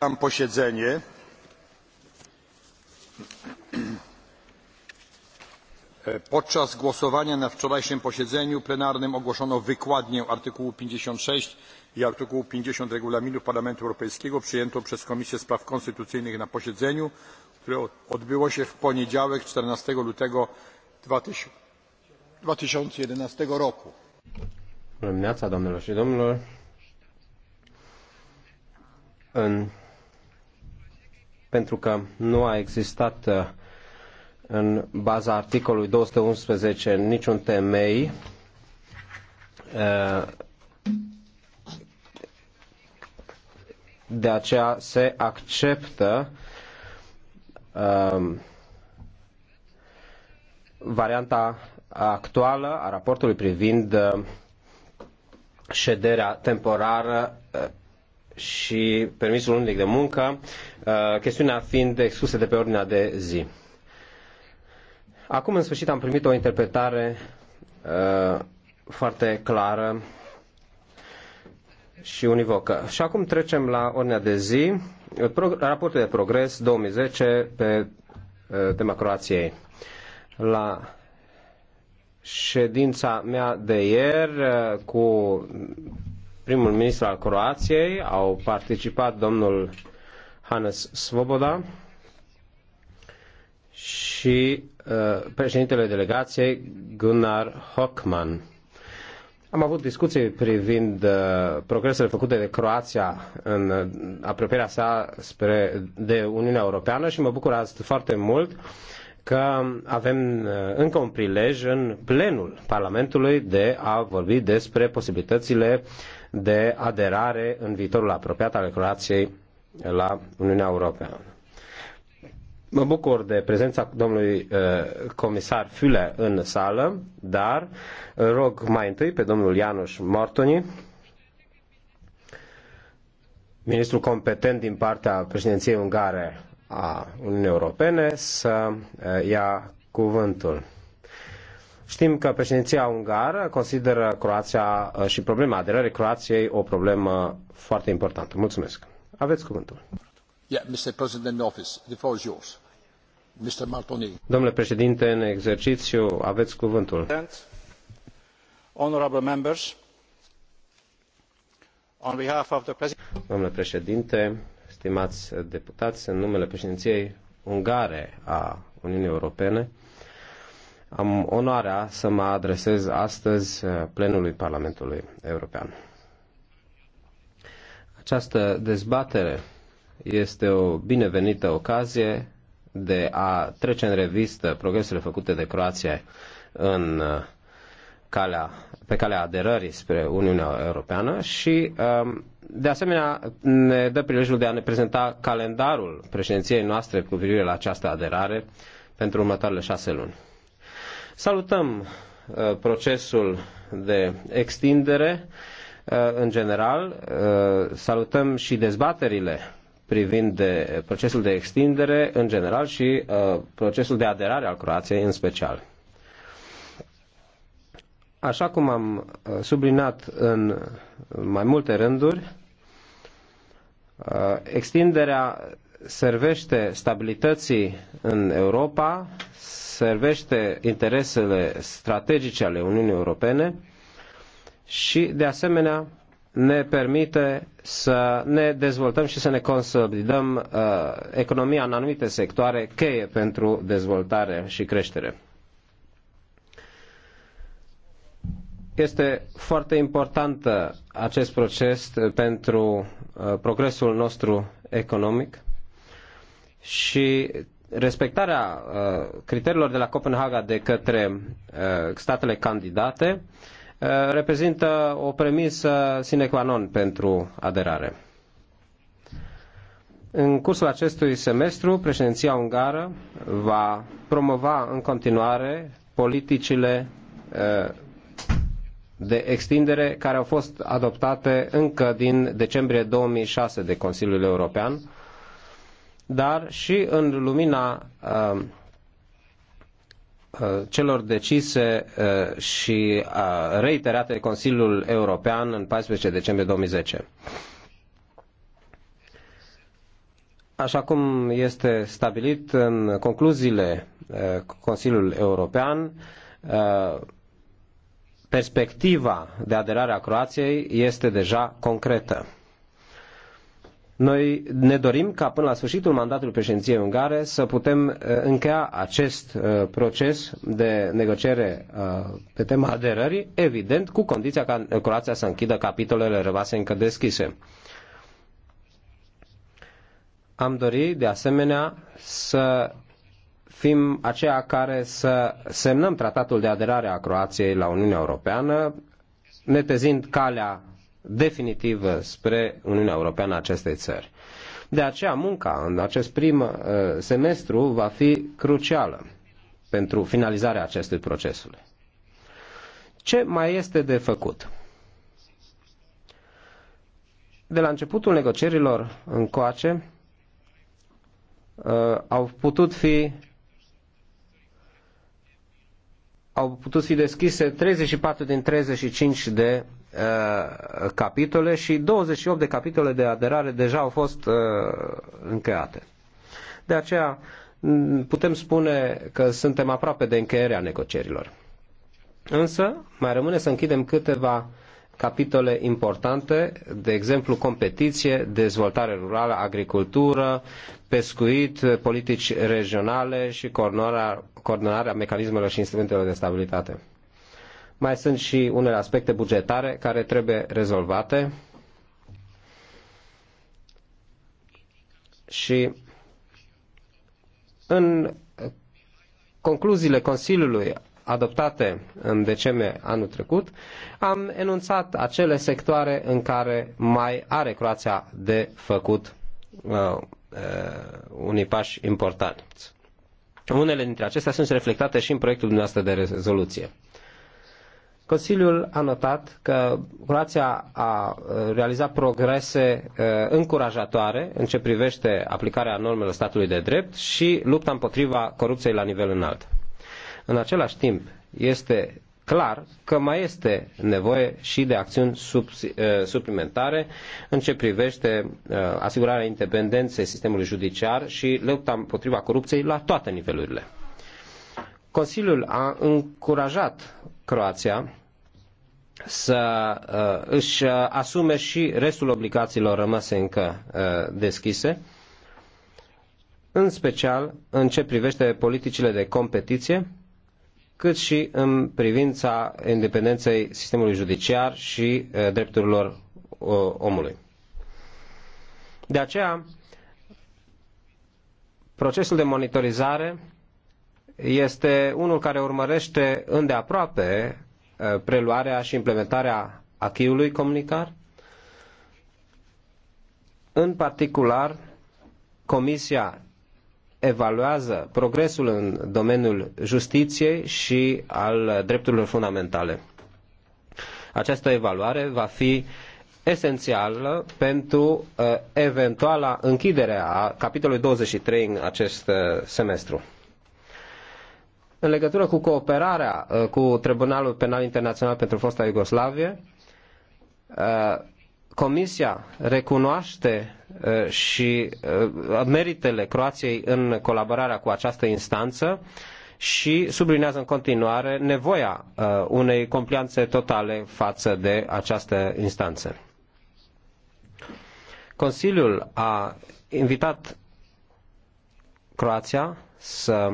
otwieram posiedzenie podczas głosowania na wczorajszym posiedzeniu plenarnym ogłoszono wykładnię artykułu pięćdziesiąt sześć i artykułu pięćdziesiąt regulaminu parlamentu europejskiego przyjętą przez komisję spraw konstytucyjnych na posiedzeniu które odbyło się w poniedziałek czternaście lutego dwa tysiące jedenaście roku pentru că nu a existat uh, în baza articolului 211 niciun temei uh, de aceea se acceptă uh, varianta actuală a raportului privind șederea temporară și permisul unic de muncă, uh, chestiunea fiind excluse de pe ordinea de zi. Acum, în sfârșit, am primit o interpretare uh, foarte clară și univocă. Și acum trecem la ordinea de zi, raportul de progres 2010 pe uh, tema Croației. La ședința mea de ieri cu primul ministru al Croației, au participat domnul Hannes Svoboda și uh, președintele delegației Gunnar Hockman. Am avut discuții privind uh, progresele făcute de Croația în uh, apropierea sa spre, de Uniunea Europeană și mă bucur azi foarte mult că avem încă un prilej în plenul Parlamentului de a vorbi despre posibilitățile uh, de aderare în viitorul apropiat al Croației la Uniunea Europeană. Mă bucur de prezența domnului uh, comisar Füle în sală, dar rog mai întâi pe domnul Ianuș Mortoni, ministrul competent din partea președinției ungare a Uniunii Europene, să uh, ia cuvântul. Știm că președinția ungară consideră Croația uh, și problema aderării Croației o problemă foarte importantă. Mulțumesc. Aveți cuvântul. Yeah, Mr. President Office, the floor is yours. Mr. Martoni. Domnule președinte, în exercițiu, aveți cuvântul. Honorable members, on behalf of the president... Domnule președinte, stimați deputați, în numele președinției ungare a Uniunii Europene, am onoarea să mă adresez astăzi uh, plenului Parlamentului European. Această dezbatere este o binevenită ocazie de a trece în revistă progresele făcute de Croația în uh, calea, pe calea aderării spre Uniunea Europeană și um, de asemenea ne dă prilejul de a ne prezenta calendarul președinției noastre cu privire la această aderare pentru următoarele șase luni. Salutăm uh, procesul de extindere uh, în general, uh, salutăm și dezbaterile privind de procesul de extindere în general și procesul de aderare al Croației în special. Așa cum am sublinat în mai multe rânduri, extinderea servește stabilității în Europa, servește interesele strategice ale Uniunii Europene și, de asemenea, ne permite să ne dezvoltăm și să ne consolidăm uh, economia în anumite sectoare cheie pentru dezvoltare și creștere. Este foarte important acest proces pentru uh, progresul nostru economic și respectarea uh, criteriilor de la Copenhaga de către uh, statele candidate uh, reprezintă o premisă sine qua non pentru aderare. În cursul acestui semestru, președinția ungară va promova în continuare politicile de extindere care au fost adoptate încă din decembrie 2006 de Consiliul European, dar și în lumina uh, uh celor decise uh, și uh, reiterate de Consiliul European în 14 decembrie 2010. Așa cum este stabilit în concluziile Consiliului European, perspectiva de aderare a Croației este deja concretă. Noi ne dorim ca până la sfârșitul mandatului președinției ungare să putem uh, încheia acest uh, proces de negociere uh, pe tema aderării, evident, cu condiția ca Croația să închidă capitolele rămase încă deschise. Am dorit, de asemenea, să fim aceia care să semnăm tratatul de aderare a Croației la Uniunea Europeană, netezind calea definitiv spre Uniunea Europeană a acestei țări. De aceea, munca în acest prim uh, semestru va fi crucială pentru finalizarea acestui procesului. Ce mai este de făcut? De la începutul negocierilor încoace, uh, au putut fi au putut fi deschise 34 din 35 de uh, capitole și 28 de capitole de aderare deja au fost uh, încheiate. De aceea putem spune că suntem aproape de încheierea negocierilor. Însă mai rămâne să închidem câteva capitole importante, de exemplu competiție, dezvoltare rurală, agricultură, pescuit, politici regionale și coordonarea, coordonarea mecanismelor și instrumentelor de stabilitate. Mai sunt și unele aspecte bugetare care trebuie rezolvate și în concluziile Consiliului adoptate în decembrie anul trecut, am enunțat acele sectoare în care mai are Croația de făcut uh, uh, unii pași importanți. Unele dintre acestea sunt reflectate și în proiectul dumneavoastră de rezoluție. Consiliul a notat că Croația a uh, realizat progrese uh, încurajatoare în ce privește aplicarea normelor statului de drept și lupta împotriva corupției la nivel înalt. În același timp, este clar că mai este nevoie și de acțiuni sub, eh, suplimentare în ce privește eh, asigurarea independenței sistemului judiciar și lupta împotriva corupției la toate nivelurile. Consiliul a încurajat Croația să uh, își asume și restul obligațiilor rămase încă uh, deschise, în special în ce privește politicile de competiție, cât și în privința independenței sistemului judiciar și eh, drepturilor eh, omului. De aceea, procesul de monitorizare este unul care urmărește îndeaproape eh, preluarea și implementarea acquis comunicar. În particular, Comisia evaluează progresul în domeniul justiției și al drepturilor fundamentale. Această evaluare va fi esențială pentru uh, eventuala închidere a capitolului 23 în acest uh, semestru. În legătură cu cooperarea uh, cu Tribunalul Penal Internațional pentru fosta Iugoslavie, uh, Comisia recunoaște și meritele Croației în colaborarea cu această instanță și sublinează în continuare nevoia unei complianțe totale față de această instanță. Consiliul a invitat Croația să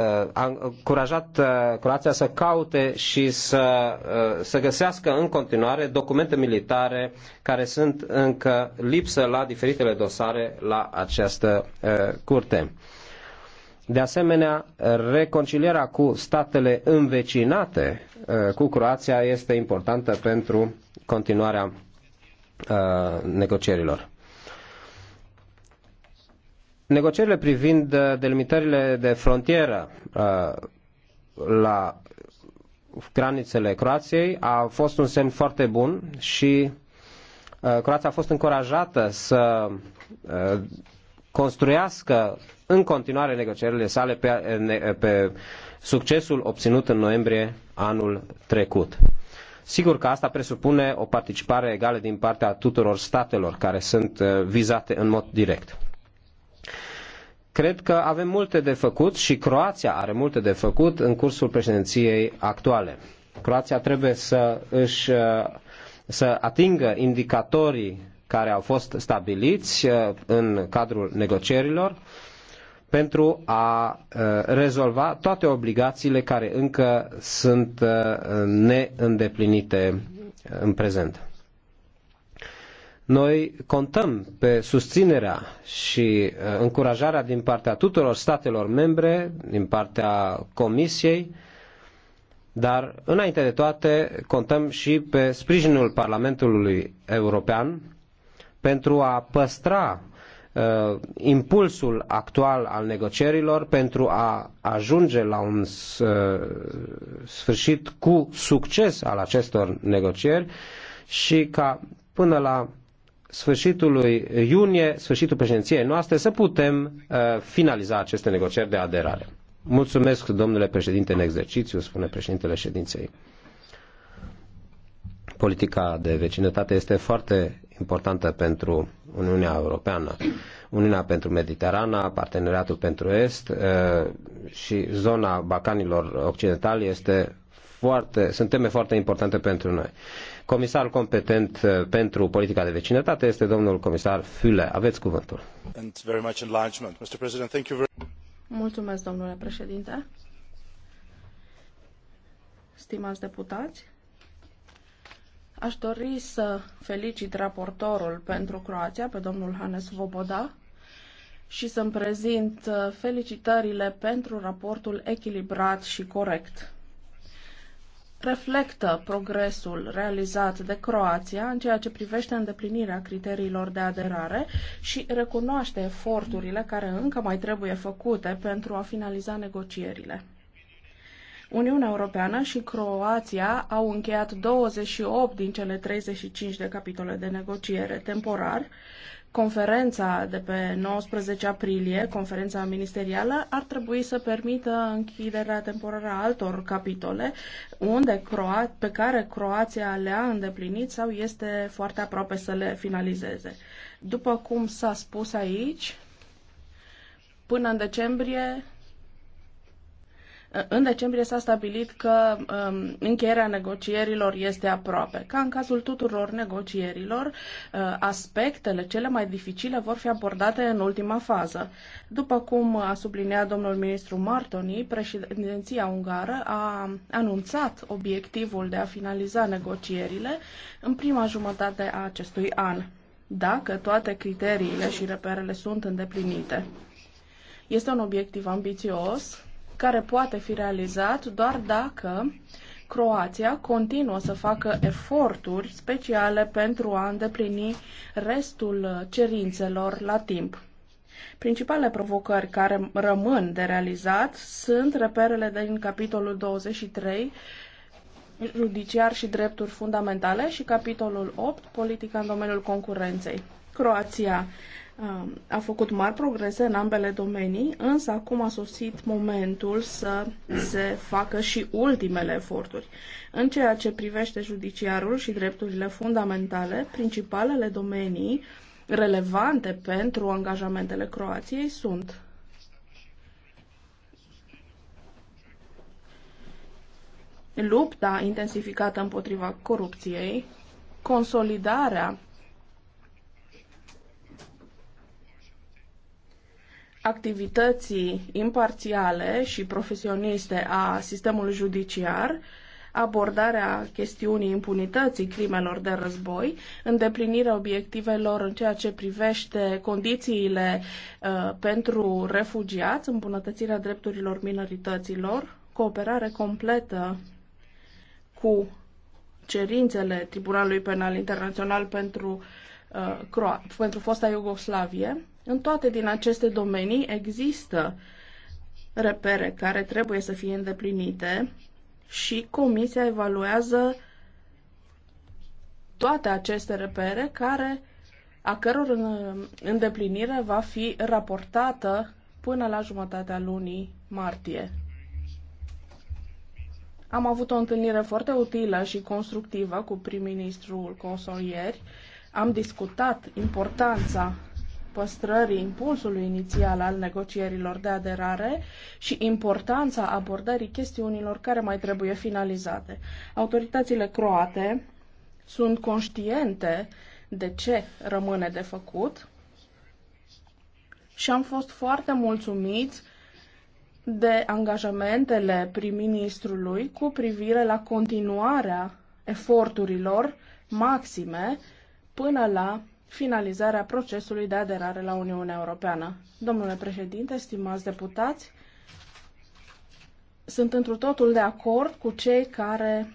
Uh, a încurajat uh, Croația să caute și să, uh, să găsească în continuare documente militare care sunt încă lipsă la diferitele dosare la această curte. De asemenea, reconcilierea cu statele învecinate cu Croația este importantă pentru continuarea negocierilor. Negocierile privind uh, delimitările de frontieră uh, la granițele Croației a fost un semn foarte bun și uh, Croația a fost încurajată să construiască în continuare negocierile sale pe, pe succesul obținut în noiembrie anul trecut. Sigur că asta presupune o participare egală din partea tuturor statelor care sunt vizate în mod direct. Cred că avem multe de făcut și Croația are multe de făcut în cursul președinției actuale. Croația trebuie să își uh, să atingă indicatorii care au fost stabiliți uh, în cadrul negocierilor pentru a uh, rezolva toate obligațiile care încă sunt neîndeplinite în prezent. Noi contăm pe susținerea și uh, încurajarea din partea tuturor statelor membre, din partea Comisiei, dar înainte de toate contăm și pe sprijinul Parlamentului European pentru a păstra uh, impulsul actual al negocierilor pentru a ajunge la un uh, sfârșit cu succes al acestor negocieri și ca până la sfârșitului iunie, sfârșitul președinției noastre, să putem uh, finaliza aceste negocieri de aderare. Mulțumesc, domnule președinte, în exercițiu, spune președintele ședinței. Politica de vecinătate este foarte importantă pentru Uniunea Europeană. Uniunea pentru Mediterana, Parteneriatul pentru Est uh, și zona Bacanilor Occidentali este foarte, sunt teme foarte importante pentru noi. Comisarul competent uh, pentru politica de vecinătate este domnul comisar Füle. Aveți cuvântul. Mulțumesc, domnule președinte. Stimați deputați, aș dori să felicit raportorul pentru Croația, pe domnul Hannes Voboda, și să-mi prezint uh, felicitările pentru raportul echilibrat și corect reflectă progresul realizat de Croația în ceea ce privește îndeplinirea criteriilor de aderare și recunoaște eforturile care încă mai trebuie făcute pentru a finaliza negocierile. Uniunea Europeană și Croația au încheiat 28 din cele 35 de capitole de negociere temporar Conferența de pe 19 aprilie, conferința ministerială, ar trebui să permită închiderea temporară a altor capitole unde Croa- pe care Croația le-a îndeplinit sau este foarte aproape să le finalizeze. După cum s-a spus aici, până în decembrie în decembrie s-a stabilit că um, încheierea negocierilor este aproape. Ca în cazul tuturor negocierilor, uh, aspectele cele mai dificile vor fi abordate în ultima fază. După cum a subliniat domnul ministru Martoni, președinția ungară a anunțat obiectivul de a finaliza negocierile în prima jumătate a acestui an, dacă toate criteriile și reperele sunt îndeplinite. Este un obiectiv ambițios, care poate fi realizat doar dacă Croația continuă să facă eforturi speciale pentru a îndeplini restul cerințelor la timp. Principalele provocări care rămân de realizat sunt reperele din capitolul 23, judiciar și drepturi fundamentale, și capitolul 8, politica în domeniul concurenței. Croația a făcut mari progrese în ambele domenii, însă acum a sosit momentul să se facă și ultimele eforturi. În ceea ce privește judiciarul și drepturile fundamentale, principalele domenii relevante pentru angajamentele Croației sunt lupta intensificată împotriva corupției, consolidarea activității imparțiale și profesioniste a sistemului judiciar, abordarea chestiunii impunității crimelor de război, îndeplinirea obiectivelor în ceea ce privește condițiile uh, pentru refugiați, îmbunătățirea drepturilor minorităților, cooperare completă cu cerințele Tribunalului Penal Internațional pentru, uh, Croa- pentru fosta Iugoslavie, în toate din aceste domenii există repere care trebuie să fie îndeplinite și comisia evaluează toate aceste repere care a căror uh, îndeplinire va fi raportată până la jumătatea lunii martie. Am avut o întâlnire foarte utilă și constructivă cu prim-ministrul consolieri. Am discutat importanța păstrării impulsului inițial al negocierilor de aderare și importanța abordării chestiunilor care mai trebuie finalizate. Autoritățile croate sunt conștiente de ce rămâne de făcut și am fost foarte mulțumiți de angajamentele prim-ministrului cu privire la continuarea eforturilor maxime până la finalizarea procesului de aderare la Uniunea Europeană. Domnule președinte, stimați deputați, sunt întru totul de acord cu cei care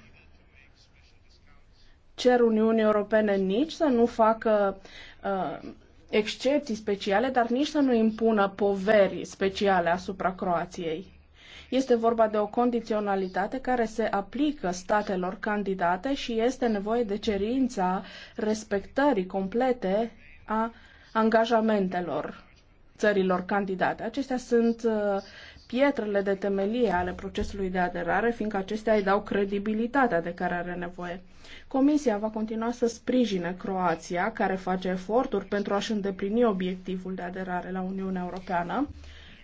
cer Uniunii Europene nici să nu facă uh, excepții speciale, dar nici să nu impună poveri speciale asupra Croației. Este vorba de o condiționalitate care se aplică statelor candidate și este nevoie de cerința respectării complete a angajamentelor țărilor candidate. Acestea sunt uh, pietrele de temelie ale procesului de aderare, fiindcă acestea îi dau credibilitatea de care are nevoie. Comisia va continua să sprijine Croația, care face eforturi pentru a-și îndeplini obiectivul de aderare la Uniunea Europeană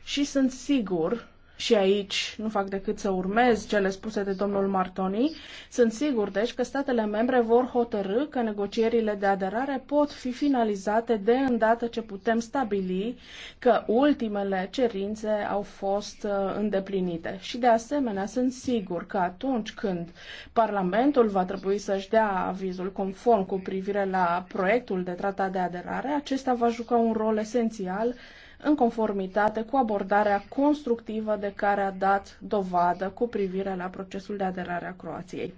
și sunt sigur și aici nu fac decât să urmez cele spuse de domnul Martoni. Sunt sigur, deci, că statele membre vor hotărâ că negocierile de aderare pot fi finalizate de îndată ce putem stabili că ultimele cerințe au fost uh, îndeplinite. Și, de asemenea, sunt sigur că atunci când Parlamentul va trebui să-și dea avizul conform cu privire la proiectul de tratat de aderare, acesta va juca un rol esențial în conformitate cu abordarea constructivă de care a dat dovadă cu privire la procesul de aderare a Croației.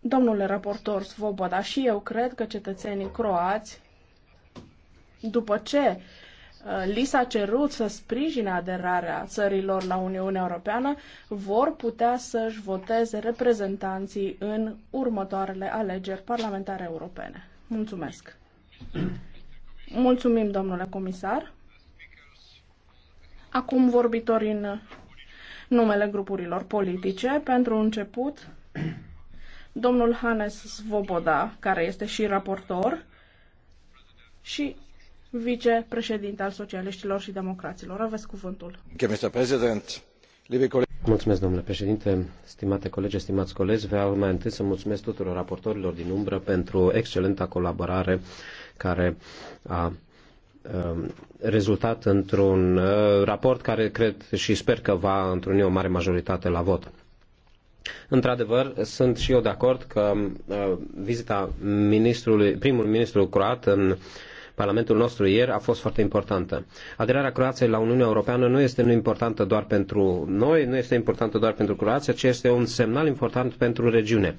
Domnule raportor Svoboda, și eu cred că cetățenii croați, după ce uh, li s-a cerut să sprijine aderarea țărilor la Uniunea Europeană, vor putea să-și voteze reprezentanții în următoarele alegeri parlamentare europene. Mulțumesc! Mulțumim, domnule comisar. Acum vorbitori în numele grupurilor politice. Pentru început, domnul Hannes Svoboda, care este și raportor și vicepreședinte al socialiștilor și democraților. Aveți cuvântul. Mulțumesc, domnule președinte, stimate colegi, stimați colegi. Vreau mai întâi să mulțumesc tuturor raportorilor din umbră pentru excelenta colaborare care a rezultat într-un raport care cred și sper că va întruni o mare majoritate la vot. Într-adevăr, sunt și eu de acord că vizita ministrului, primul ministru croat în Parlamentul nostru ieri a fost foarte importantă. Aderarea Croației la Uniunea Europeană nu este nu importantă doar pentru noi, nu este importantă doar pentru Croația, ci este un semnal important pentru regiune.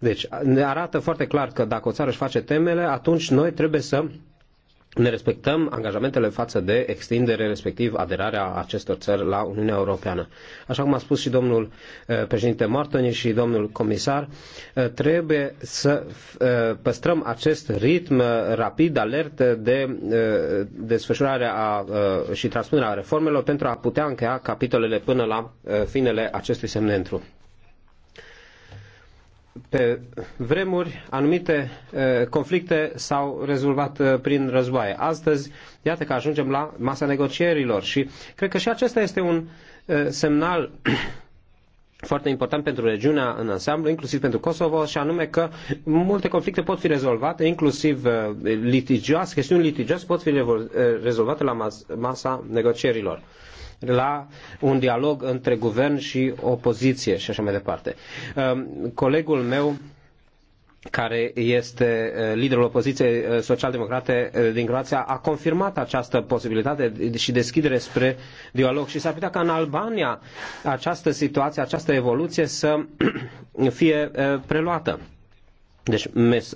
Deci ne arată foarte clar că dacă o țară își face temele, atunci noi trebuie să ne respectăm angajamentele față de extindere, respectiv aderarea acestor țări la Uniunea Europeană. Așa cum a spus și domnul eh, președinte Martoni și domnul comisar, eh, trebuie să eh, păstrăm acest ritm rapid, alert de desfășurare a, și transpunerea reformelor pentru a putea încheia capitolele până la finele acestui semnentru pe vremuri anumite conflicte s-au rezolvat prin războaie. Astăzi, iată că ajungem la masa negocierilor și cred că și acesta este un semnal foarte important pentru regiunea în ansamblu, inclusiv pentru Kosovo, și anume că multe conflicte pot fi rezolvate, inclusiv litigioase, chestiuni litigioase pot fi rezolvate la masa negocierilor la un dialog între guvern și opoziție și așa mai departe. Um, colegul meu care este uh, liderul opoziției uh, social-democrate uh, din Croația, a confirmat această posibilitate și deschidere spre dialog. Și s-ar putea ca în Albania această situație, această evoluție să fie preluată. Deci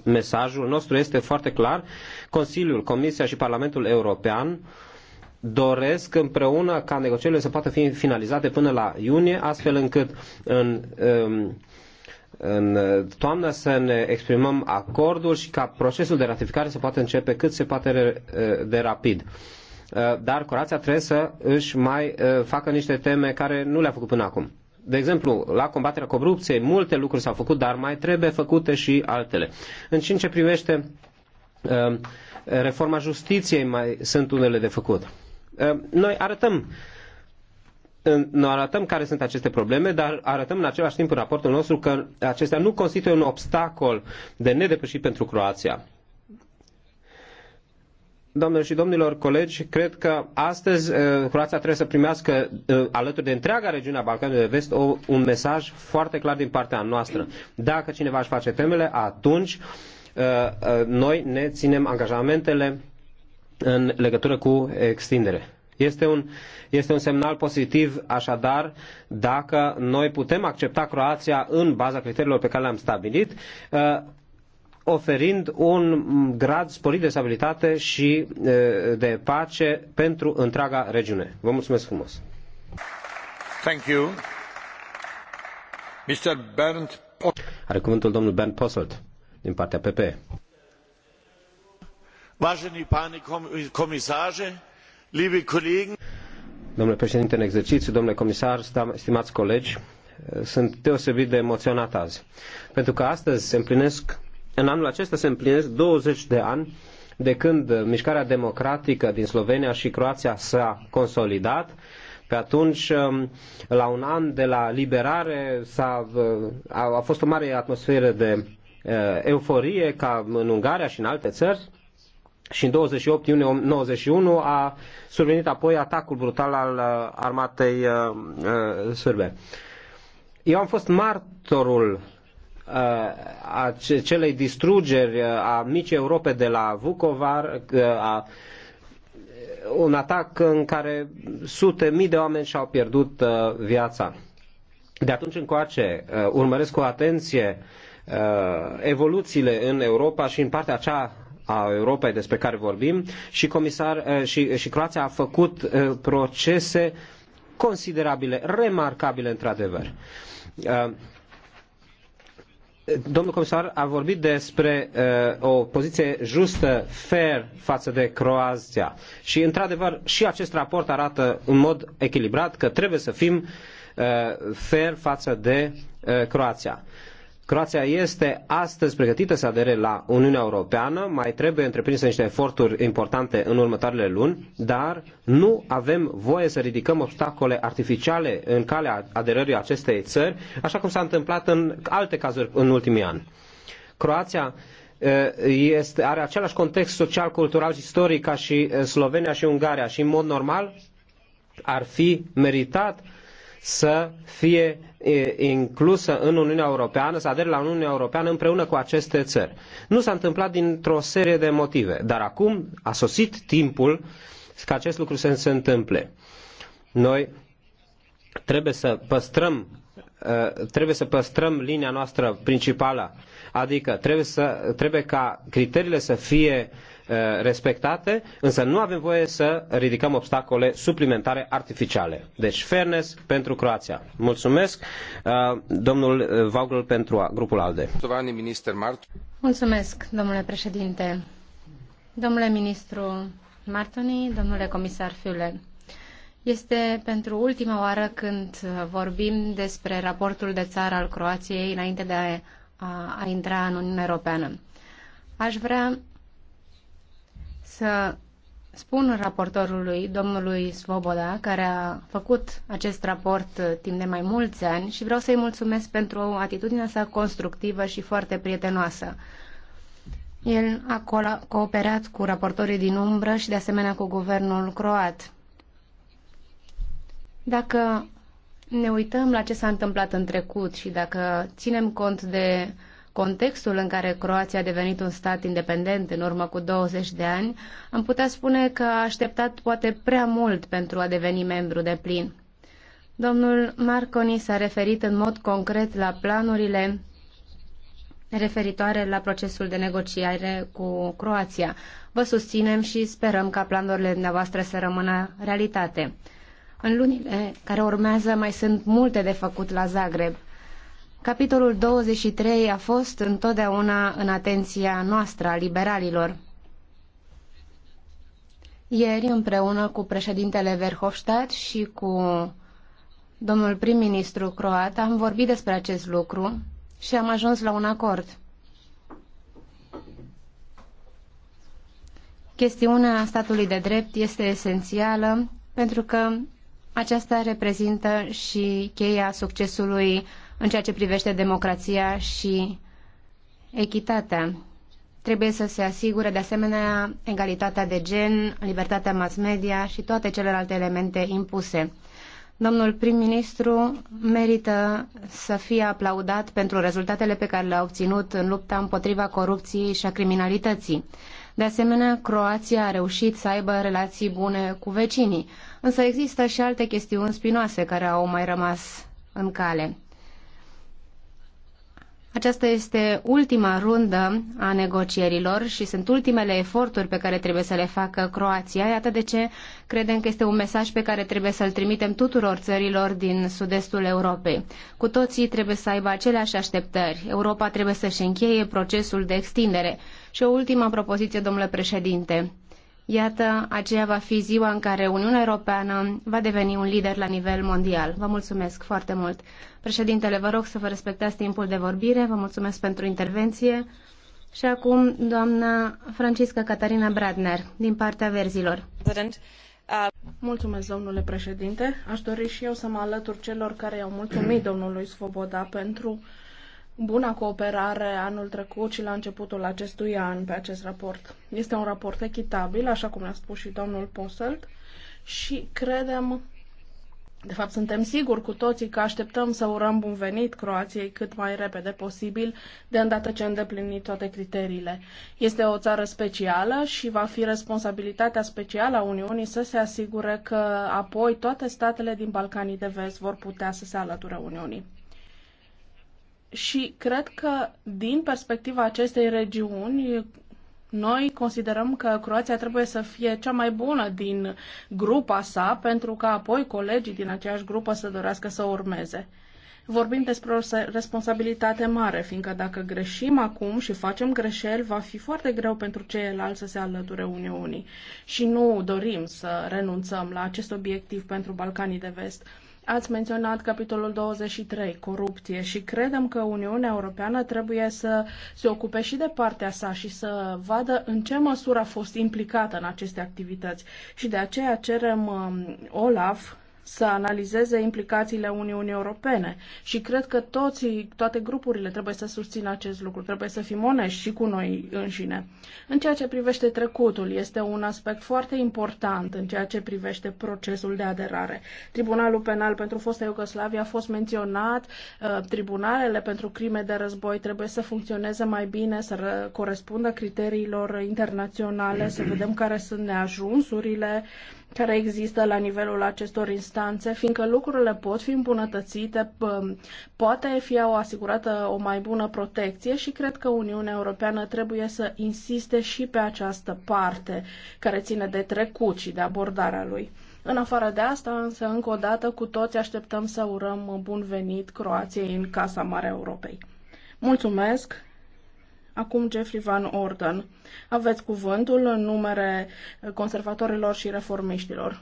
mesajul nostru este foarte clar. Consiliul, Comisia și Parlamentul European doresc împreună ca negocierile să poată fi finalizate până la iunie, astfel încât în, um, în toamnă să ne exprimăm acordul și ca procesul de ratificare să poată începe cât se poate uh, de rapid. Uh, dar corația trebuie să își mai uh, facă niște teme care nu le-a făcut până acum. De exemplu, la combaterea corupției multe lucruri s-au făcut, dar mai trebuie făcute și altele. În ce privește reforma justiției, mai sunt unele de făcut. Ă, noi arătăm ă, noi arătăm care sunt aceste probleme, dar arătăm în același timp în raportul nostru că acestea nu constituie un obstacol de nedepășit pentru Croația. Doamnelor și domnilor colegi, cred că astăzi ă, Croația trebuie să primească alături de întreaga regiune a Balcanului de Vest un mesaj foarte clar din partea noastră. Dacă cineva își face temele, atunci noi ne ținem angajamentele în legătură cu extindere. Este un, este un semnal pozitiv, așadar, dacă noi putem accepta Croația în baza criteriilor pe care le-am stabilit, uh, oferind un grad sporit de stabilitate și uh, de pace pentru întreaga regiune. Vă mulțumesc frumos! Thank you. Mr. Bernd Are cuvântul domnul Bernd Posselt din partea PP. Domnule președinte în exercițiu, domnule comisar, stimați colegi, sunt deosebit de emoționat azi. Pentru că astăzi se împlinesc, în anul acesta se împlinesc 20 de ani de când mișcarea democratică din Slovenia și Croația s-a consolidat. Pe atunci, um, la un an de la liberare, a uh, a, a fost o mare atmosferă de uh, euforie ca în Ungaria și în alte țări, și în 28 iunie 91 a survenit apoi atacul brutal al uh, armatei uh, uh, sârbe. Eu am fost martorul uh, a celei distrugeri a micii Europe de la Vukovar, a, un atac în care sute mii de oameni și-au pierdut viața. De atunci încoace urmăresc cu atenție evoluțiile în Europa și în partea aceea a Europei despre care vorbim și, comisar, eh, și, și Croația a făcut eh, procese considerabile, remarcabile într-adevăr. Eh, domnul comisar a vorbit despre uh, o poziție justă, fair față de Croația. Și, într-adevăr, și acest raport arată în mod echilibrat că trebuie să fim uh, fair față de uh, Croația. Uh, Croația este astăzi pregătită să adere la Uniunea Europeană, mai trebuie întreprinse niște eforturi importante în următoarele luni, dar nu avem voie să ridicăm obstacole artificiale în calea aderării acestei țări, așa cum s-a întâmplat în alte cazuri în ultimii ani. Croația eh, este, are același context social, cultural, istoric ca și eh, Slovenia și Ungaria și, în mod normal, ar fi meritat să fie inclusă în Uniunea Europeană, să adere la Uniunea Europeană împreună cu aceste țări. Nu s-a întâmplat dintr-o serie de motive, dar acum a sosit timpul ca acest lucru să se întâmple. Noi trebuie să păstrăm trebuie să păstrăm linia noastră principală, adică trebuie, să, trebuie ca criteriile să fie uh, Eh, respectate, însă nu avem voie să ridicăm obstacole suplimentare artificiale. Deci fairness pentru Croația. Mulțumesc, eh, domnul eh, Vaugl pentru grupul ALDE. Mulțumesc, domnule președinte. Domnule ministru Martoni, domnule comisar Fiule, este pentru ultima oară când vorbim despre raportul de țară al Croației înainte de a, a, intra în Uniunea Europeană. Aș vrea să spun raportorului, domnului Svoboda, care a făcut acest raport uh, timp de mai mulți ani și vreau să-i mulțumesc pentru atitudinea sa constructivă și foarte prietenoasă. El a cooperat cu raportorii din umbră și de asemenea cu guvernul croat. Dacă ne uităm la ce s-a întâmplat în trecut și dacă ținem cont de uh, contextul în care Croația a devenit un stat independent în urmă cu 20 de ani, am putea spune că a așteptat poate prea mult pentru a deveni membru de plin. Domnul Marconi s-a referit în mod concret la planurile referitoare la procesul de negociere cu Croația. Vă susținem și sperăm ca planurile dumneavoastră să rămână realitate. În lunile care urmează mai sunt multe de făcut la Zagreb Capitolul 23 a fost întotdeauna în atenția noastră a liberalilor. Ieri, împreună cu președintele Verhofstadt și cu domnul prim-ministru croat, am vorbit despre acest lucru și am ajuns la un acord. Chestiunea statului de drept este esențială pentru că aceasta reprezintă și cheia succesului în ceea ce privește democrația și echitatea. Trebuie să se asigure de asemenea egalitatea de gen, libertatea mass media și toate celelalte elemente impuse. Domnul prim-ministru merită să fie aplaudat pentru rezultatele pe care le-a obținut în lupta împotriva corupției și a criminalității. De asemenea, Croația a reușit să aibă relații bune cu vecinii, însă există și alte chestiuni spinoase care au mai rămas în cale. Aceasta este ultima rundă a negocierilor și sunt ultimele eforturi pe care trebuie să le facă Croația. Iată de ce credem că este un mesaj pe care trebuie să-l trimitem tuturor țărilor din sud-estul Europei. Cu toții trebuie să aibă aceleași așteptări. Europa trebuie să-și încheie procesul de extindere. Și o ultimă propoziție, domnule președinte. Iată, aceea va fi ziua în care Uniunea Europeană va deveni un lider la nivel mondial. Vă mulțumesc foarte mult. Președintele, vă rog să vă respectați timpul de vorbire. Vă mulțumesc pentru intervenție. Și acum, doamna Francisca Catarina Bradner, din partea verzilor. Uh, mulțumesc, domnule președinte. Aș dori și eu să mă alătur celor care i-au mulțumit domnului Svoboda pentru buna cooperare anul trecut și la începutul acestui an pe acest raport. Este un raport echitabil, așa cum ne-a spus și domnul Poselt, și credem, de fapt suntem siguri cu toții că așteptăm să urăm bun venit Croației cât mai repede posibil, de îndată ce îndeplinit toate criteriile. Este o țară specială și va fi responsabilitatea specială a Uniunii să se asigure că apoi toate statele din Balcanii de Vest vor putea să se alăture Uniunii. Și cred că, din perspectiva acestei regiuni, noi considerăm că Croația trebuie să fie cea mai bună din grupa sa, pentru că apoi colegii din aceeași grupă să dorească să urmeze. Vorbim despre o responsabilitate mare, fiindcă dacă greșim acum și facem greșeli, va fi foarte greu pentru ceilalți să se alăture Uniunii. Și nu dorim să renunțăm la acest obiectiv pentru Balcanii de Vest. Ați menționat capitolul 23, corupție, și credem că Uniunea Europeană trebuie să se ocupe și de partea sa și să vadă în ce măsură a fost implicată în aceste activități. Și de aceea cerem um, Olaf să analizeze implicațiile Uniunii Europene și cred că toți, toate grupurile trebuie să susțină acest lucru, trebuie să fim onești și cu noi înșine. În ceea ce privește trecutul, este un aspect foarte important în ceea ce privește procesul de aderare. Tribunalul Penal pentru fosta Iugoslavia a fost menționat, uh, tribunalele pentru crime de război trebuie să funcționeze mai bine, să corespundă criteriilor internaționale, să vedem care sunt neajunsurile, care există la nivelul acestor instanțe, fiindcă lucrurile pot fi îmbunătățite, poate fi o asigurată o mai bună protecție și cred că Uniunea Europeană trebuie să insiste și pe această parte care ține de trecut și de abordarea lui. În afară de asta, însă, încă o dată, cu toți așteptăm să urăm bun venit Croației în Casa Mare Europei. Mulțumesc! Acum Jeffrey Van Orden. Aveți cuvântul în numere conservatorilor și reformiștilor.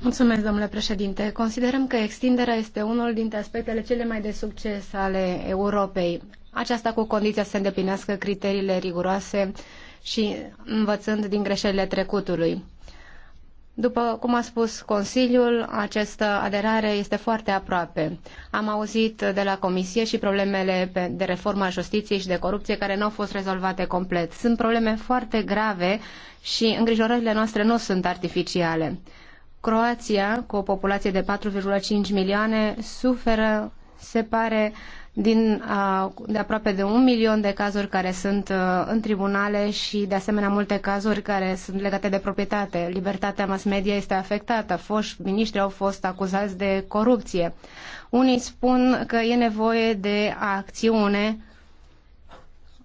Mulțumesc, domnule președinte. Considerăm că extinderea este unul dintre aspectele cele mai de succes ale Europei. Aceasta cu condiția să îndeplinească criteriile riguroase și învățând din greșelile trecutului. După cum a spus Consiliul, această aderare este foarte aproape. Am auzit de la Comisie și problemele de reforma justiției și de corupție care nu au fost rezolvate complet. Sunt probleme foarte grave și îngrijorările noastre nu sunt artificiale. Croația, cu o populație de 4,5 milioane, suferă, se pare, uh, din, de aproape de un milion de cazuri care sunt în tribunale și de asemenea multe cazuri care sunt legate de proprietate. Libertatea mass media este afectată. Foști miniștri au fost acuzați de corupție. Unii spun că e nevoie de acțiune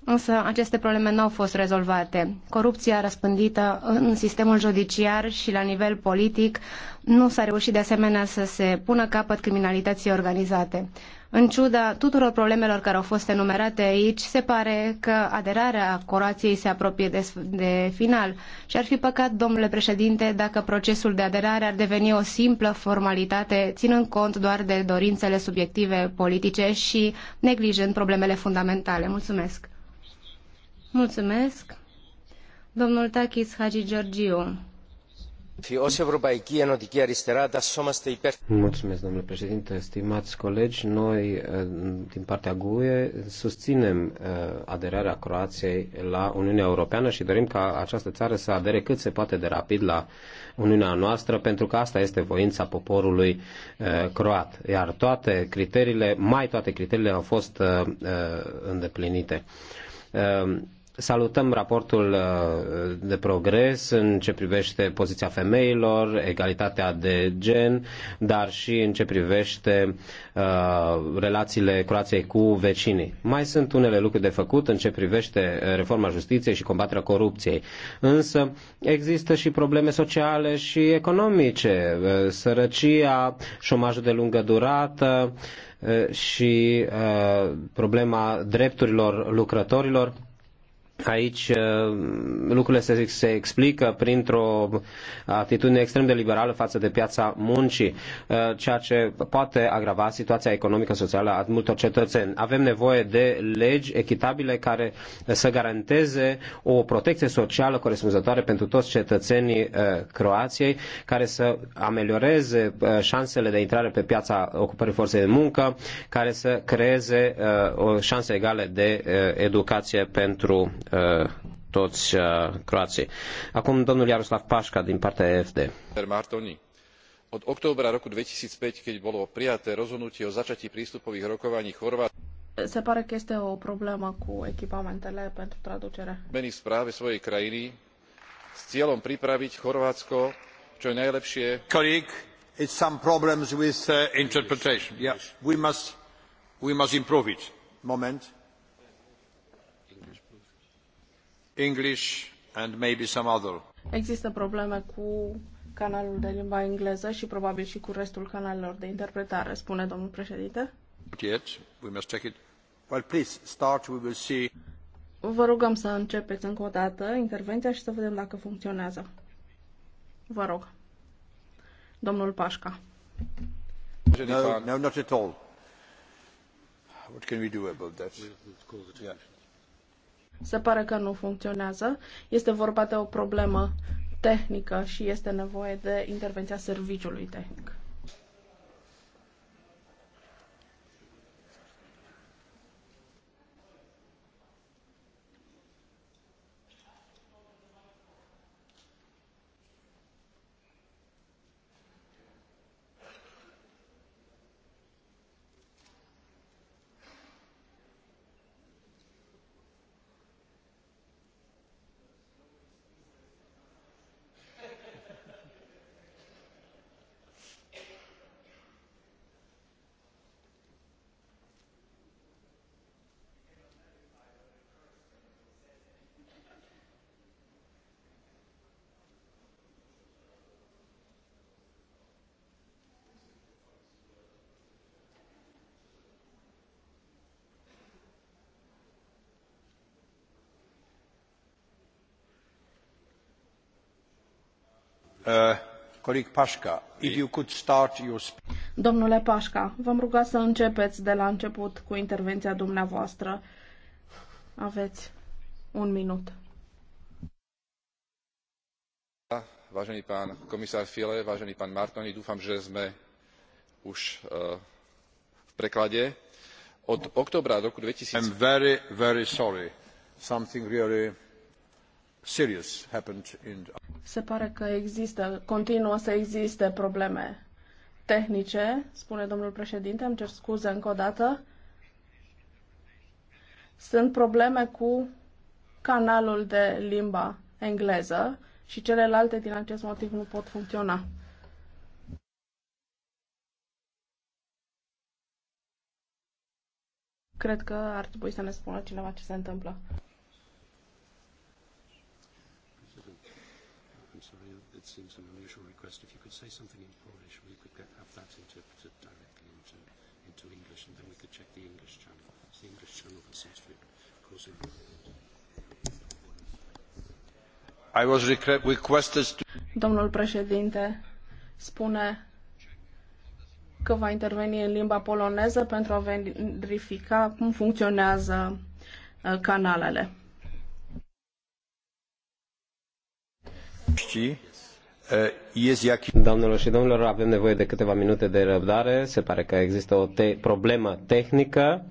Însă aceste probleme nu au fost rezolvate. Corupția răspândită în sistemul judiciar și la nivel politic nu s-a reușit de asemenea să se pună capăt criminalității organizate. În ciuda tuturor problemelor care au fost enumerate aici, se pare că aderarea Croației se apropie de, de final și ar fi păcat, domnule președinte, dacă procesul de aderare ar deveni o simplă formalitate, ținând cont doar de dorințele subiective politice și neglijând problemele fundamentale. Mulțumesc! Mulțumesc! Domnul Takis Hagi Georgiou. Mulțumesc, domnule președinte, colegi. Noi, eh, din partea GUE, susținem eh, aderarea Croației la Uniunea Europeană și dorim ca această țară să adere cât se poate de rapid la Uniunea noastră, pentru că asta este voința poporului eh, croat. Iar toate criteriile, mai toate criteriile au fost îndeplinite Salutăm raportul uh, de progres în ce privește poziția femeilor, egalitatea de gen, dar și în ce privește uh, relațiile Croației cu vecinii. Mai sunt unele lucruri de făcut în ce privește uh, reforma justiției și combaterea corupției. Însă există și probleme sociale și economice, sărăcia, șomajul de lungă durată și problema drepturilor lucrătorilor Aici uh, lucrurile se, se explică printr-o atitudine extrem de liberală față de piața muncii, uh, ceea ce poate agrava situația economică socială a multor cetățeni. Avem nevoie de legi echitabile care să garanteze o protecție socială corespunzătoare pentru toți cetățenii uh, Croației, care să amelioreze șansele de intrare pe piața ocupării forței de muncă, care să creeze șanse egale de educație pentru Uh, toți uh, croații. Acum domnul Iaroslav Pașca din partea EFD. Od októbra roku 2005, keď bolo prijaté rozhodnutie o začatí prístupových rokovaní Chorvát... Se pare că este o problemă cu echipamentele pentru traducere. ...meni správe svojej krajiny s cieľom pripraviť Chorvátsko čo je najlepšie... Colleague, it's some problems with uh, interpretation. Yeah. We must, we must improve it. Moment English and maybe some other. Există probleme cu canalul de limba engleză și probabil și cu restul canalelor de interpretare, spune domnul președinte. Yet, we must check it. Well, please start, we will see. Vă rugăm să începeți încă o dată intervenția și să vedem dacă funcționează. Vă rog. Domnul Pașca. No, no, not at all. What can we do about that? We'll, we'll call the yeah. Se pare că nu funcționează. Este vorba de o problemă tehnică și este nevoie de intervenția serviciului tehnic. Uh, Domnule paka v-am ruga să începei de la început cu intervenia dumneavoastră. avei un minut. Vážený pán komisár fle vážený pán martonyi dúfam, že sme už uh, v preklade. Od októbra roku two thousand and se pare că există, continuă să existe probleme tehnice, spune domnul președinte, îmi cer scuze încă o dată. Sunt probleme cu canalul de limba engleză și celelalte din acest motiv nu pot funcționa. Cred că ar trebui să ne spună cineva ce se întâmplă. seems an unusual request. If you could say something in Polish, we could get, have that interpreted directly into, into English, and then we could check the English channel. It's the English channel that seems to be causing. I was requested to... Domnul președinte spune că va interveni în limba poloneză pentru a verifica cum funcționează uh, canalele. Uh, Doamnelor și domnilor, avem nevoie de câteva minute de răbdare. Se pare că există o te- problemă tehnică.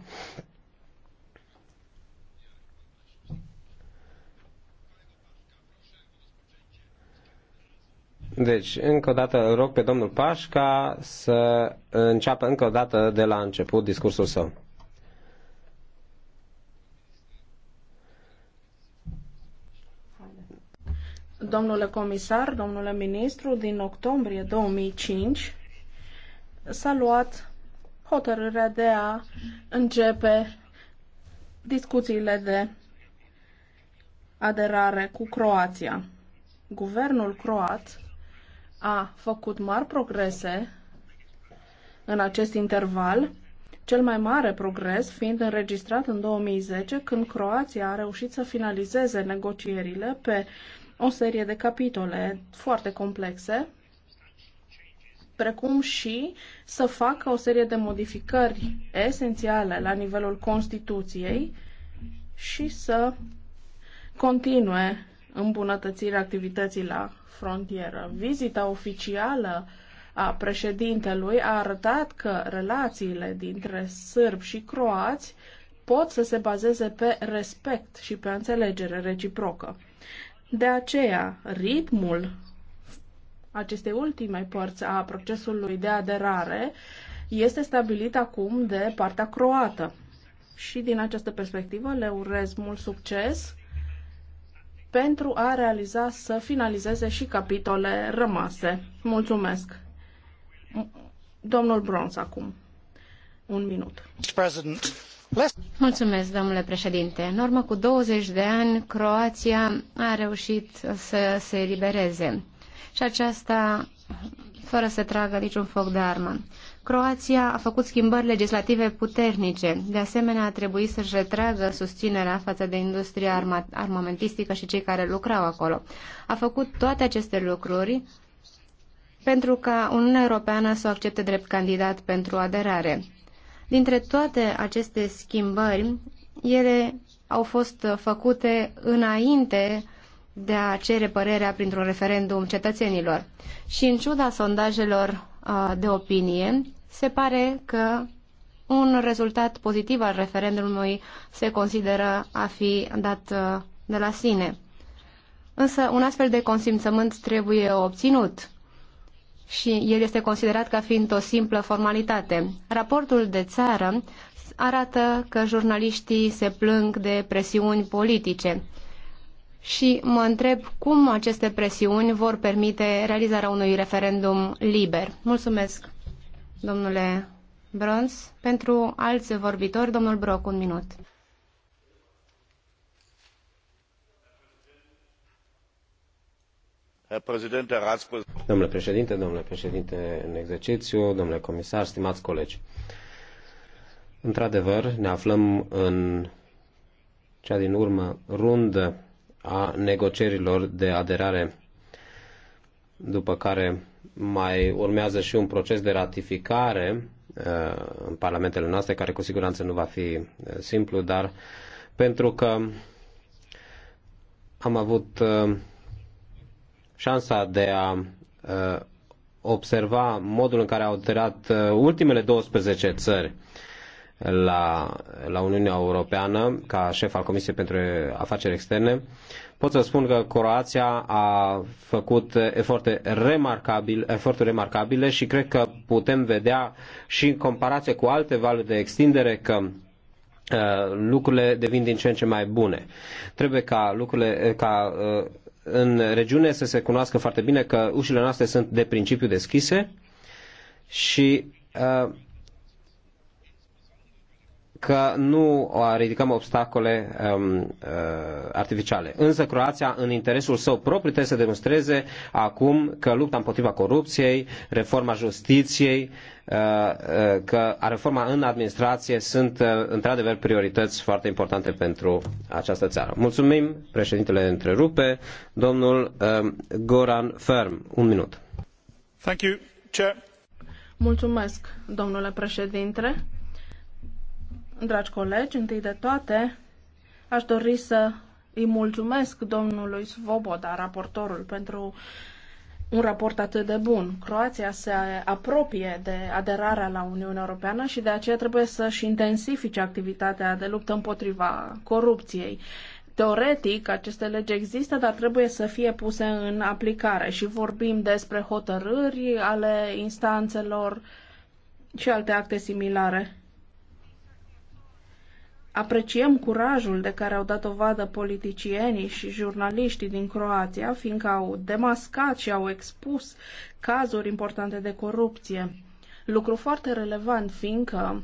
Deci, încă o dată îl rog pe domnul Pașca să înceapă încă o dată de la început discursul său. Domnule comisar, domnule ministru, din octombrie 2005 s-a luat hotărârea de a începe discuțiile de aderare cu Croația. Guvernul croat a făcut mari progrese în acest interval, cel mai mare progres fiind înregistrat în 2010, când Croația a reușit să finalizeze negocierile pe o serie de capitole foarte complexe, precum și să facă o serie de modificări esențiale la nivelul Constituției și să continue îmbunătățirea activității la frontieră. Vizita oficială a președintelui a arătat că relațiile dintre sârbi și croați pot să se bazeze pe respect și pe înțelegere reciprocă. De aceea, ritmul acestei ultime părți a procesului de aderare este stabilit acum de partea croată. Și din această perspectivă le urez mult succes pentru a realiza să finalizeze și capitole rămase. Mulțumesc. Domnul Bronz acum. Un minut. Mulțumesc, domnule președinte. În urmă cu 20 de ani, Croația a reușit să se elibereze. Și aceasta fără să tragă niciun foc de armă. Croația a făcut schimbări legislative puternice. De asemenea, a trebuit să-și retragă susținerea față de industria armamentistică și cei care lucrau acolo. A făcut toate aceste lucruri pentru ca Uniunea Europeană să o accepte drept candidat pentru aderare. Dintre toate aceste schimbări, ele au fost făcute înainte de a cere părerea printr-un referendum cetățenilor. Și în ciuda sondajelor uh, de opinie, se pare că un rezultat pozitiv al referendumului se consideră a fi dat uh, de la sine. Însă un astfel de consimțământ trebuie obținut și el este considerat ca fiind o simplă formalitate. Raportul de țară arată că jurnaliștii se plâng de presiuni politice și mă întreb cum aceste presiuni vor permite realizarea unui referendum liber. Mulțumesc, domnule Brons. Pentru alți vorbitori, domnul Broc, un minut. Domnule președinte, domnule președinte în exercițiu, domnule comisar, stimați colegi. Într-adevăr, ne aflăm în cea din urmă rundă a negocierilor de aderare, după care mai urmează și un proces de ratificare uh, în parlamentele noastre, care cu siguranță nu va fi uh, simplu, dar pentru că am avut uh, șansa de a uh, observa modul în care au alterat uh, ultimele 12 țări la, la Uniunea Europeană ca șef al Comisiei pentru Afaceri Externe, pot să spun că Croația a făcut eforte remarcabile, eforturi remarcabile și cred că putem vedea și în comparație cu alte valuri de extindere că uh, lucrurile devin din ce în ce mai bune. Trebuie ca lucrurile, ca uh, în regiune să se cunoască foarte bine că ușile noastre sunt de principiu deschise și uh, că nu uh, ridicăm obstacole um, uh, artificiale. Însă Croația, în interesul său propriu, trebuie să demonstreze acum că lupta împotriva corupției, reforma justiției, uh, uh, că reforma în administrație sunt uh, într-adevăr priorități foarte importante pentru această țară. Mulțumim, președintele întrerupe, domnul uh, Goran Ferm. Un minut. Thank you, Chair. Mulțumesc, domnule președinte Dragi colegi, întâi de toate, aș dori să îi mulțumesc domnului Svoboda, raportorul, pentru un raport atât de bun. Croația se apropie de aderarea la Uniunea Europeană și de aceea trebuie să-și intensifice activitatea de luptă împotriva corupției. Teoretic, aceste legi există, dar trebuie să fie puse în aplicare și vorbim despre hotărâri ale instanțelor și alte acte similare. Apreciem curajul de care au dat o vadă politicienii și jurnaliștii din Croația, fiindcă au demascat și au expus cazuri importante de corupție. Lucru foarte relevant, fiindcă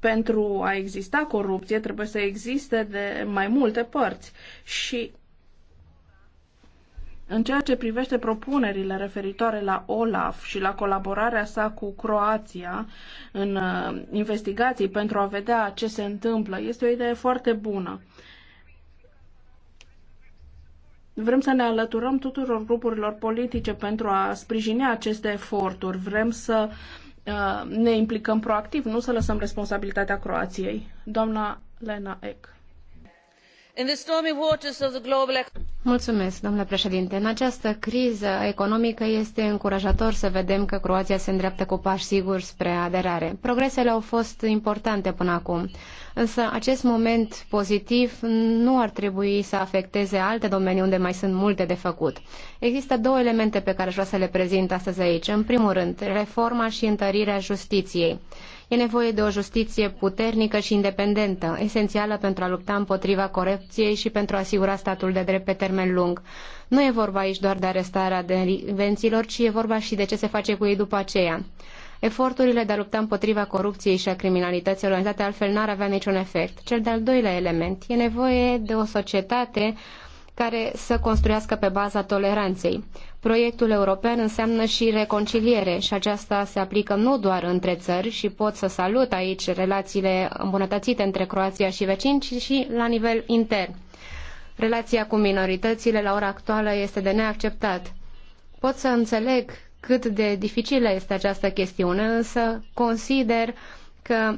pentru a exista corupție trebuie să existe de mai multe părți și în ceea ce privește propunerile referitoare la OLAF și la colaborarea sa cu Croația în uh, investigații pentru a vedea ce se întâmplă, este o idee foarte bună. Vrem să ne alăturăm tuturor grupurilor politice pentru a sprijini aceste eforturi. Vrem să uh, ne implicăm proactiv, nu să lăsăm responsabilitatea Croației. Doamna Lena Eck. Mulțumesc, domnule președinte. În această criză economică este încurajator să vedem că Croația se îndreaptă cu pași siguri spre aderare. Progresele au fost importante până acum, însă acest moment pozitiv nu ar trebui să afecteze alte domenii unde mai sunt multe de făcut. Există două elemente pe care aș vrea să le prezint astăzi aici. În primul rând, reforma și întărirea justiției. E nevoie de o justiție puternică și independentă, esențială pentru a lupta împotriva corupției și pentru a asigura statul de drept pe termen lung. Nu e vorba aici doar de arestarea delinvenților, ci e vorba și de ce se face cu ei după aceea. Eforturile de a lupta împotriva corupției și a criminalității organizate altfel n-ar avea niciun efect. Cel de-al doilea element. E nevoie de o societate care să construiască pe baza toleranței. Proiectul european înseamnă și reconciliere și aceasta se aplică nu doar între țări și pot să salut aici relațiile îmbunătățite între Croația și vecini, ci și la nivel intern. Relația cu minoritățile la ora actuală este de neacceptat. Pot să înțeleg cât de dificilă este această chestiune, însă consider că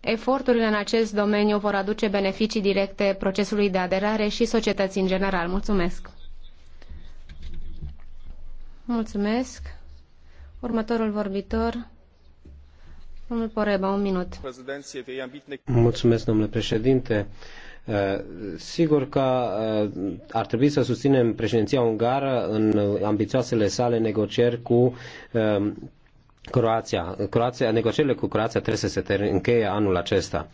eforturile în acest domeniu vor aduce beneficii directe procesului de aderare și societății în general. Mulțumesc! Mulțumesc! Următorul vorbitor, domnul Poreba, un minut. Mulțumesc, domnule președinte! Eh, sigur că eh, ar trebui să susținem președinția ungară în eh, ambițioasele sale negocieri cu Croația. Croația, negocierile cu Croația trebuie să se încheie anul acesta.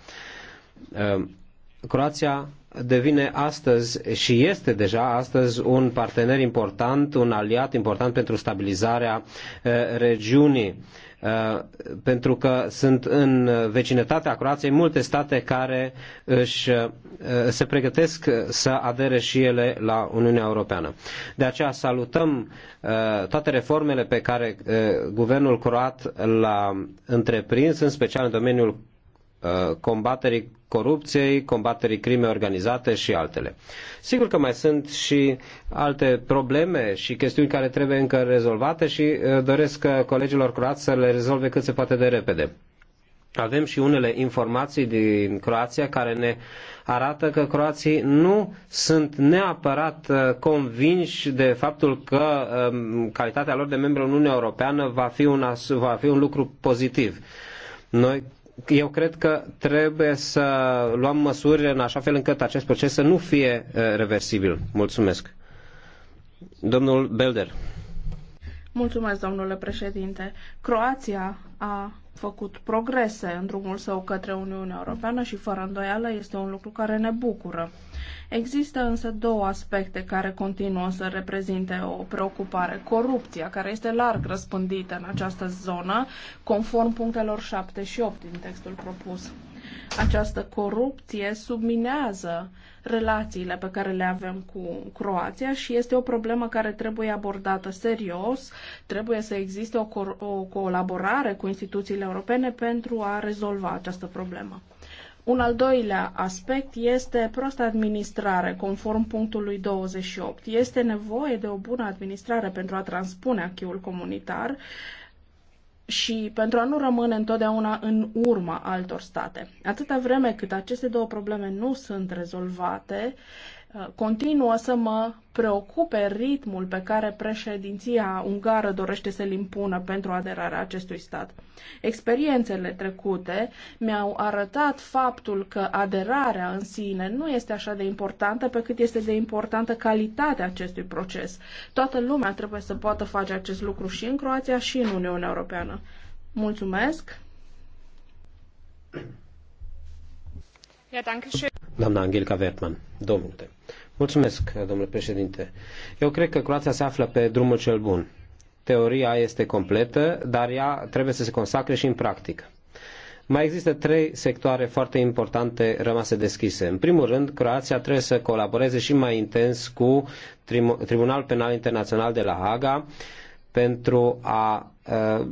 Ehm, Croația devine astăzi și este deja astăzi un partener important, un aliat important pentru stabilizarea eh, regiunii Uh, pentru că sunt în vecinătatea Croației multe state care își, uh, se pregătesc să adere și ele la Uniunea Europeană. De aceea salutăm uh, toate reformele pe care guvernul croat l-a întreprins, în special în domeniul Uh, combaterii corupției, combaterii crimei organizate și altele. Sigur că mai sunt și alte probleme și chestiuni care trebuie încă rezolvate și uh, doresc uh, colegilor croați să le rezolve cât se poate de repede. Avem și unele informații din Croația care ne arată că croații nu sunt neapărat convinși de faptul că um, calitatea lor de membru în Uniunea Europeană va fi, una, va fi un lucru pozitiv. Noi eu cred că trebuie să luăm măsuri în așa fel încât acest proces să nu fie uh, reversibil. Mulțumesc. Domnul Belder. Mulțumesc, domnule președinte. Croația a făcut progrese în drumul său către Uniunea Europeană și fără îndoială este un lucru care ne bucură. Există însă două aspecte care continuă să reprezinte o preocupare. Corupția, care este larg răspândită în această zonă, conform punctelor 7 și 8 din textul propus. Această corupție subminează relațiile pe care le avem cu Croația și este o problemă care trebuie abordată serios. Trebuie să existe o, o colaborare cu instituțiile europene pentru a rezolva această problemă. Un al doilea aspect este proasta administrare, conform punctului 28. Este nevoie de o bună administrare pentru a transpune acquis comunitar. Uh, și pentru a nu rămâne întotdeauna în urma altor state. Atâta vreme cât aceste două probleme nu sunt rezolvate, Uh, continuă să mă preocupe ritmul pe care președinția ungară dorește să-l impună pentru aderarea acestui stat. Experiențele trecute mi-au arătat faptul că aderarea în sine nu este așa de importantă pe cât este de importantă calitatea acestui proces. Toată lumea trebuie să poată face acest lucru și în Croația și în Uniunea Europeană. Mulțumesc! Doamna Angelica Wertmann, două minute. Mulțumesc, domnule președinte. Eu cred că Croația se află pe drumul cel bun. Teoria este completă, dar ea trebuie să se consacre și în practică. Mai există trei sectoare foarte importante rămase deschise. În primul rând, Croația trebuie să colaboreze și mai intens cu Tribunalul Penal Internațional de la Haga pentru a uh,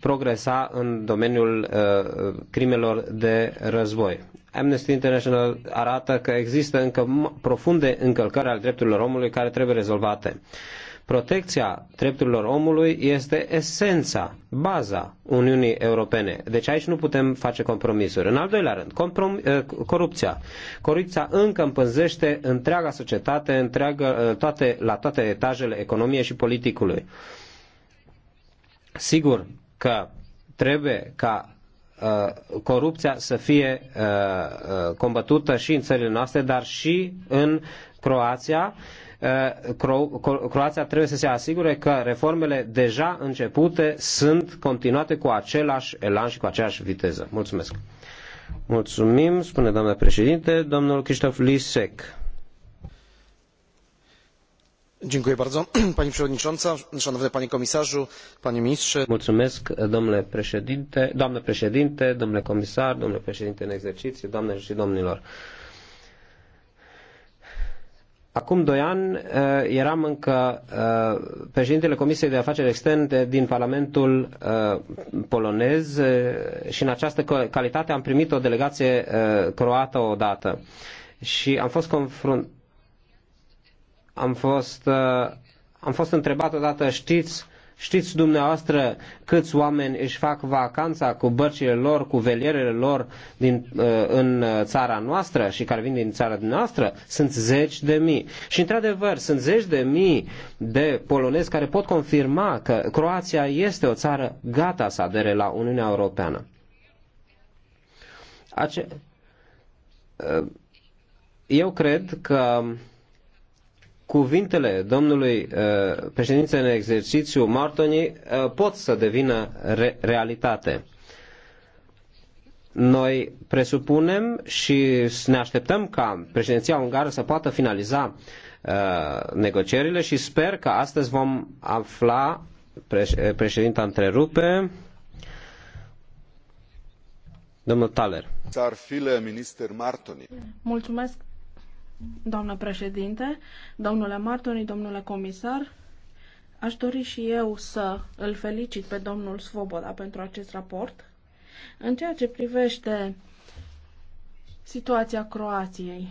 progresa în domeniul uh, crimelor de război. Amnesty International arată că există încă profunde încălcări ale drepturilor omului care trebuie rezolvate. Protecția drepturilor omului este esența, baza Uniunii Europene. Deci aici nu putem face compromisuri. În al doilea rând, comprom- eh, corupția. Corupția încă împânzește întreaga societate, întreaga eh, toate, la toate etajele economiei și politicului. Sigur că trebuie ca Uh, corupția să fie uh, uh, combătută și în țările noastre, dar și în Croația. Croația trebuie să se asigure că reformele deja începute sunt continuate cu același elan și cu aceeași viteză. Mulțumesc! Mulțumim, spune doamna președinte, domnul Cristof Lisek. pani przewodnicząca! szanowny panie komisarzu panie ministrze! doamnă președinte domnule comisar domnule președinte în exercițiu doamnelor și domnilor acum doi ani eh, eram încă eh, președintele comisiei de afaceri externe din parlamentul eh, polonez și în această calitate am primit o delegație croată odată și am fost confruntat am fost, uh, am fost întrebat odată, știți, știți dumneavoastră câți oameni își fac vacanța cu bărcile lor, cu velierele lor din, uh, în uh, țara noastră și care vin din țara noastră? Sunt zeci de mii. Și într-adevăr, sunt zeci de mii de polonezi care pot confirma că Croația este o țară gata să adere la Uniunea Europeană. Ace- eu cred că cuvintele domnului uh, președinte în exercițiu Martoni uh, pot să devină re- realitate. Noi presupunem și ne așteptăm ca președinția ungară să poată finaliza uh, negocierile și sper că astăzi vom afla, preș- președinta întrerupe, domnul Taler. Mulțumesc, Doamnă președinte, domnule Martoni, domnule comisar, aș dori și eu să îl felicit pe domnul Svoboda pentru acest raport. În ceea ce privește situația Croației,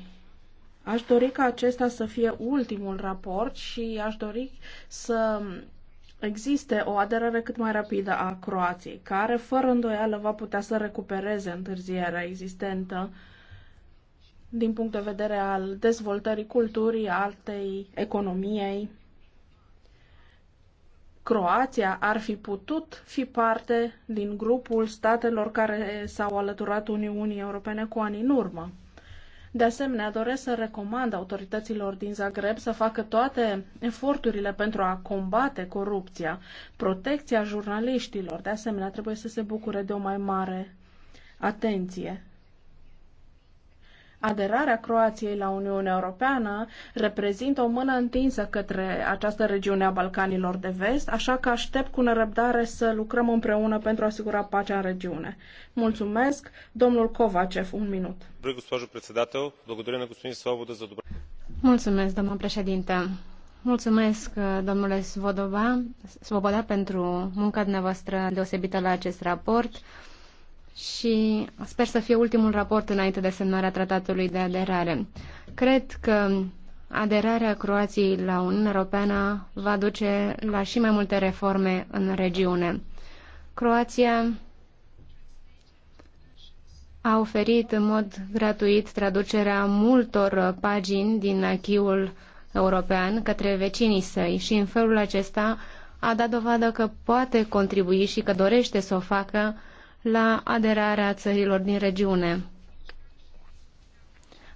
aș dori ca acesta să fie ultimul raport și aș dori să Existe o aderare cât mai rapidă a Croației, care fără îndoială va putea să recupereze întârzierea existentă din punct de vedere al dezvoltării culturii, artei, economiei. Croația ar fi putut fi parte din grupul statelor care s-au alăturat Uniunii Europene cu ani în urmă. De asemenea, doresc să recomand autorităților din Zagreb să facă toate eforturile pentru a combate corupția. Protecția jurnaliștilor, de asemenea, trebuie să se bucure de o mai mare atenție. Aderarea Croației la Uniunea Europeană reprezintă o mână întinsă către această regiune a Balcanilor de Vest, așa că aștept cu nerăbdare să lucrăm împreună pentru a asigura pacea în regiune. Mulțumesc, domnul Kovacev, un minut. Mulțumesc, domnul președinte. Mulțumesc, domnule Svoboda pentru munca dumneavoastră deosebită la acest raport și sper să fie ultimul raport înainte de semnarea tratatului de aderare. Cred că aderarea Croației la Uniunea Europeană va duce la și mai multe reforme în regiune. Croația a oferit în mod gratuit traducerea multor pagini din achiul european către vecinii săi și în felul acesta a dat dovadă că poate contribui și că dorește să o facă la aderarea țărilor din regiune.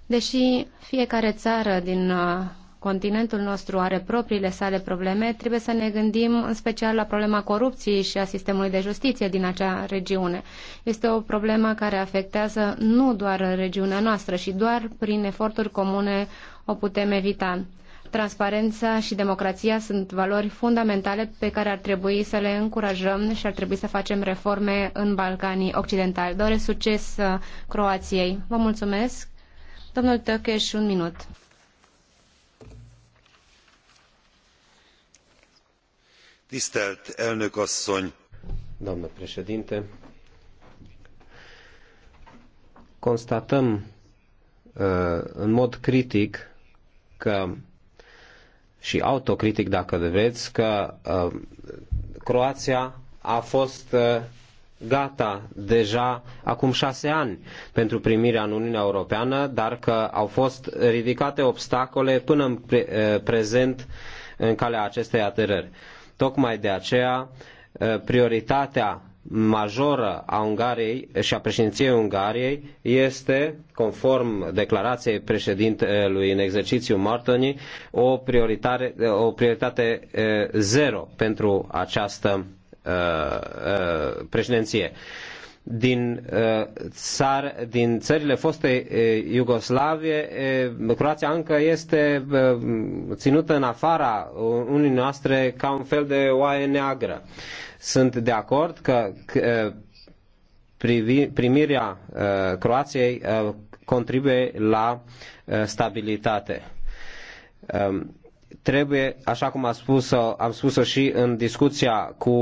Deși fiecare țară din uh, continentul nostru are propriile sale probleme, trebuie să ne gândim în special la problema corupției și a sistemului de justiție din acea regiune. Este o problemă care afectează nu doar regiunea noastră și doar prin eforturi comune o putem evita transparența și democrația sunt valori fundamentale pe care ar trebui să le încurajăm și ar trebui să facem reforme în Balcanii Occidentali. Doresc succes uh, Croației. Vă mulțumesc. Domnul Tăcheș, un minut. Tisztelt elnök asszony! președinte, constatăm uh, în mod critic că și autocritic, dacă vreți, că uh, Croația a fost uh, gata deja acum șase ani pentru primirea în Uniunea Europeană, dar că au fost ridicate obstacole până în pre, uh, prezent în calea acestei aderări. Tocmai de aceea, uh, prioritatea majoră a Ungariei și a președinției Ungariei este, conform declarației președintelui în exercițiu Martoni, o, prioritate, o prioritate zero pentru această președinție. Din, țar, din țările foste Iugoslavie, Croația încă este ținută în afara Uniunii noastre ca un fel de oaie neagră. Sunt de acord că primirea Croației contribuie la stabilitate. Trebuie, așa cum am spus-o, am spus-o și în discuția cu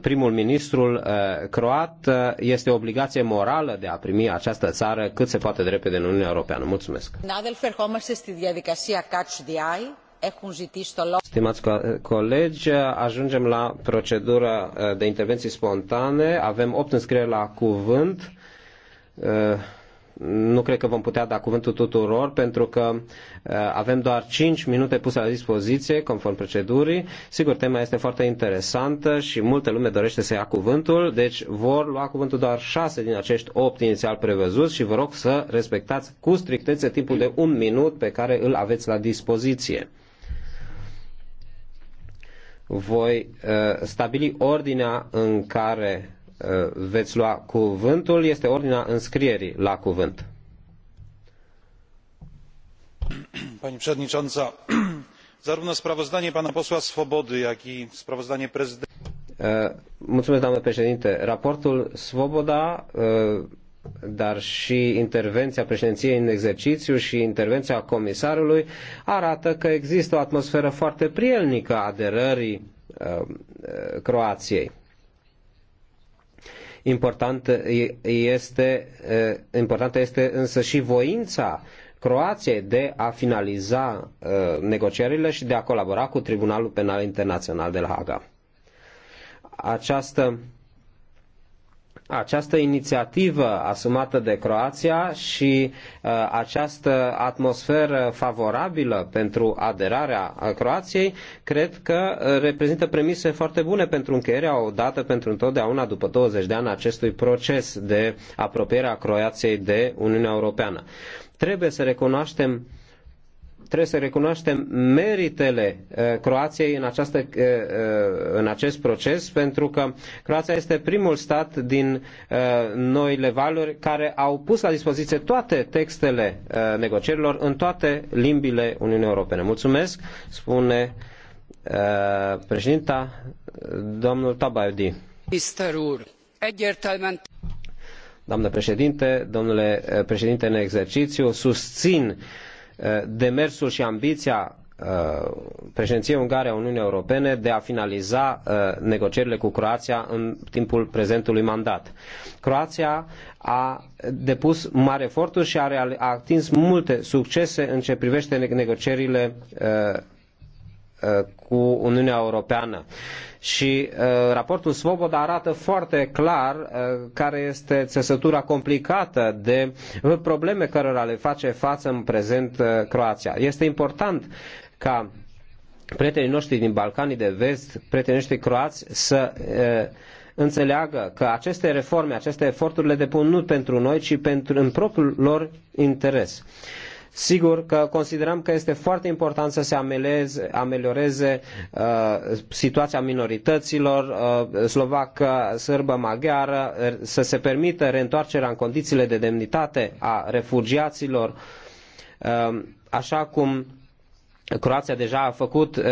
primul ministrul croat, este o obligație morală de a primi această țară cât se poate de repede în Uniunea Europeană. Mulțumesc! Stimați colegi, ajungem la procedura eh, de intervenții spontane. Avem 8 înscrieri la cuvânt. Eh, nu cred că vom putea da cuvântul tuturor, pentru că eh, avem doar 5 minute puse la dispoziție, conform procedurii. Sigur, tema este foarte interesantă și multă lume dorește să ia cuvântul, deci vor lua cuvântul doar 6 din acești 8 inițial prevăzuți și vă rog să respectați cu strictețe timpul de un minut pe care îl aveți la dispoziție voi uh, stabili ordinea în care uh, veți lua cuvântul, este ordinea înscrierii la cuvânt. Pani przewodnicząca, zarówno sprawozdanie pana posła Swobody, jak i sprawozdanie prezydenta. Uh, mulțumesc, doamnă președinte. Raportul Uh, dar și intervenția președinției în exercițiu și intervenția comisarului arată că există o atmosferă foarte prielnică a aderării uh, uh, Croației. Important este, uh, importantă este însă și voința Croației de a finaliza negocierile și de a colabora cu Tribunalul Penal Internațional de la Haga. Această această inițiativă asumată de Croația și uh, această atmosferă favorabilă pentru aderarea Croației, cred că uh, reprezintă premise foarte bune pentru încheierea o dată pentru întotdeauna după 20 de ani acestui proces de apropiere a Croației de Uniunea Europeană. Trebuie să recunoaștem uh, Trebuie să recunoaștem meritele uh, Croației în, această, uh, uh, în acest proces, pentru că Croația este primul stat din noile valuri care au pus la dispoziție toate textele negocierilor în toate limbile Uniunii Europene. Mulțumesc, spune președinta, domnul Tabaudi. Doamnă președinte, domnule președinte în exercițiu, susțin uh, Eh, demersul și ambiția eh, președinției ungare a Uniunii Europene de a finaliza eh, negocierile cu Croația în timpul prezentului mandat. Croația a depus mari eforturi și a, real, a atins multe succese în ce privește negocierile Uh, cu Uniunea Europeană. Și uh, raportul Svoboda arată foarte clar uh, care este țesătura complicată de probleme cărora le face față în prezent Croația. Este important ca prietenii noștri din Balcanii de Vest, prietenii noștri croați, să înțeleagă că aceste reforme, aceste eforturi le depun nu pentru noi, ci pentru, în propriul lor interes. Uh, Sigur că considerăm că este foarte important să se ameleze, amelioreze uh, situația minorităților uh, slovacă, sârbă, maghiară, uh, să se permită reîntoarcerea în condițiile de demnitate a refugiaților, uh, așa cum Croația deja a făcut uh,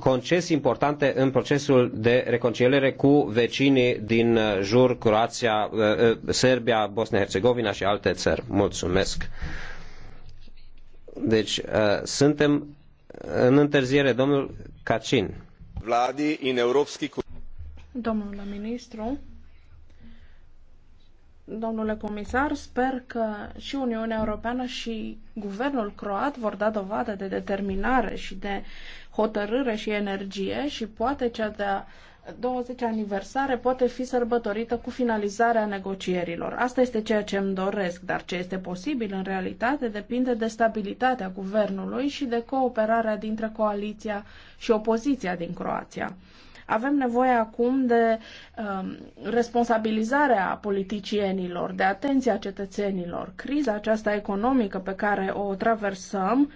concesii importante în procesul de reconciliere cu vecinii din uh, jur, Croația, uh, uh, Serbia, Bosnia-Herzegovina și alte țări. Mulțumesc! Deci uh, suntem în întârziere. Domnul Cacin. Vladi, în europski... Domnule ministru, domnule comisar, sper că și Uniunea Europeană și guvernul croat vor da dovadă de determinare și de hotărâre și energie și poate cea de-a 20 aniversare poate fi sărbătorită cu finalizarea negocierilor. Asta este ceea ce îmi doresc, dar ce este posibil în realitate depinde de stabilitatea guvernului și de cooperarea dintre coaliția și opoziția din Croația. Avem nevoie acum de um, responsabilizarea politicienilor, de atenția cetățenilor. Criza aceasta economică pe care o traversăm uh,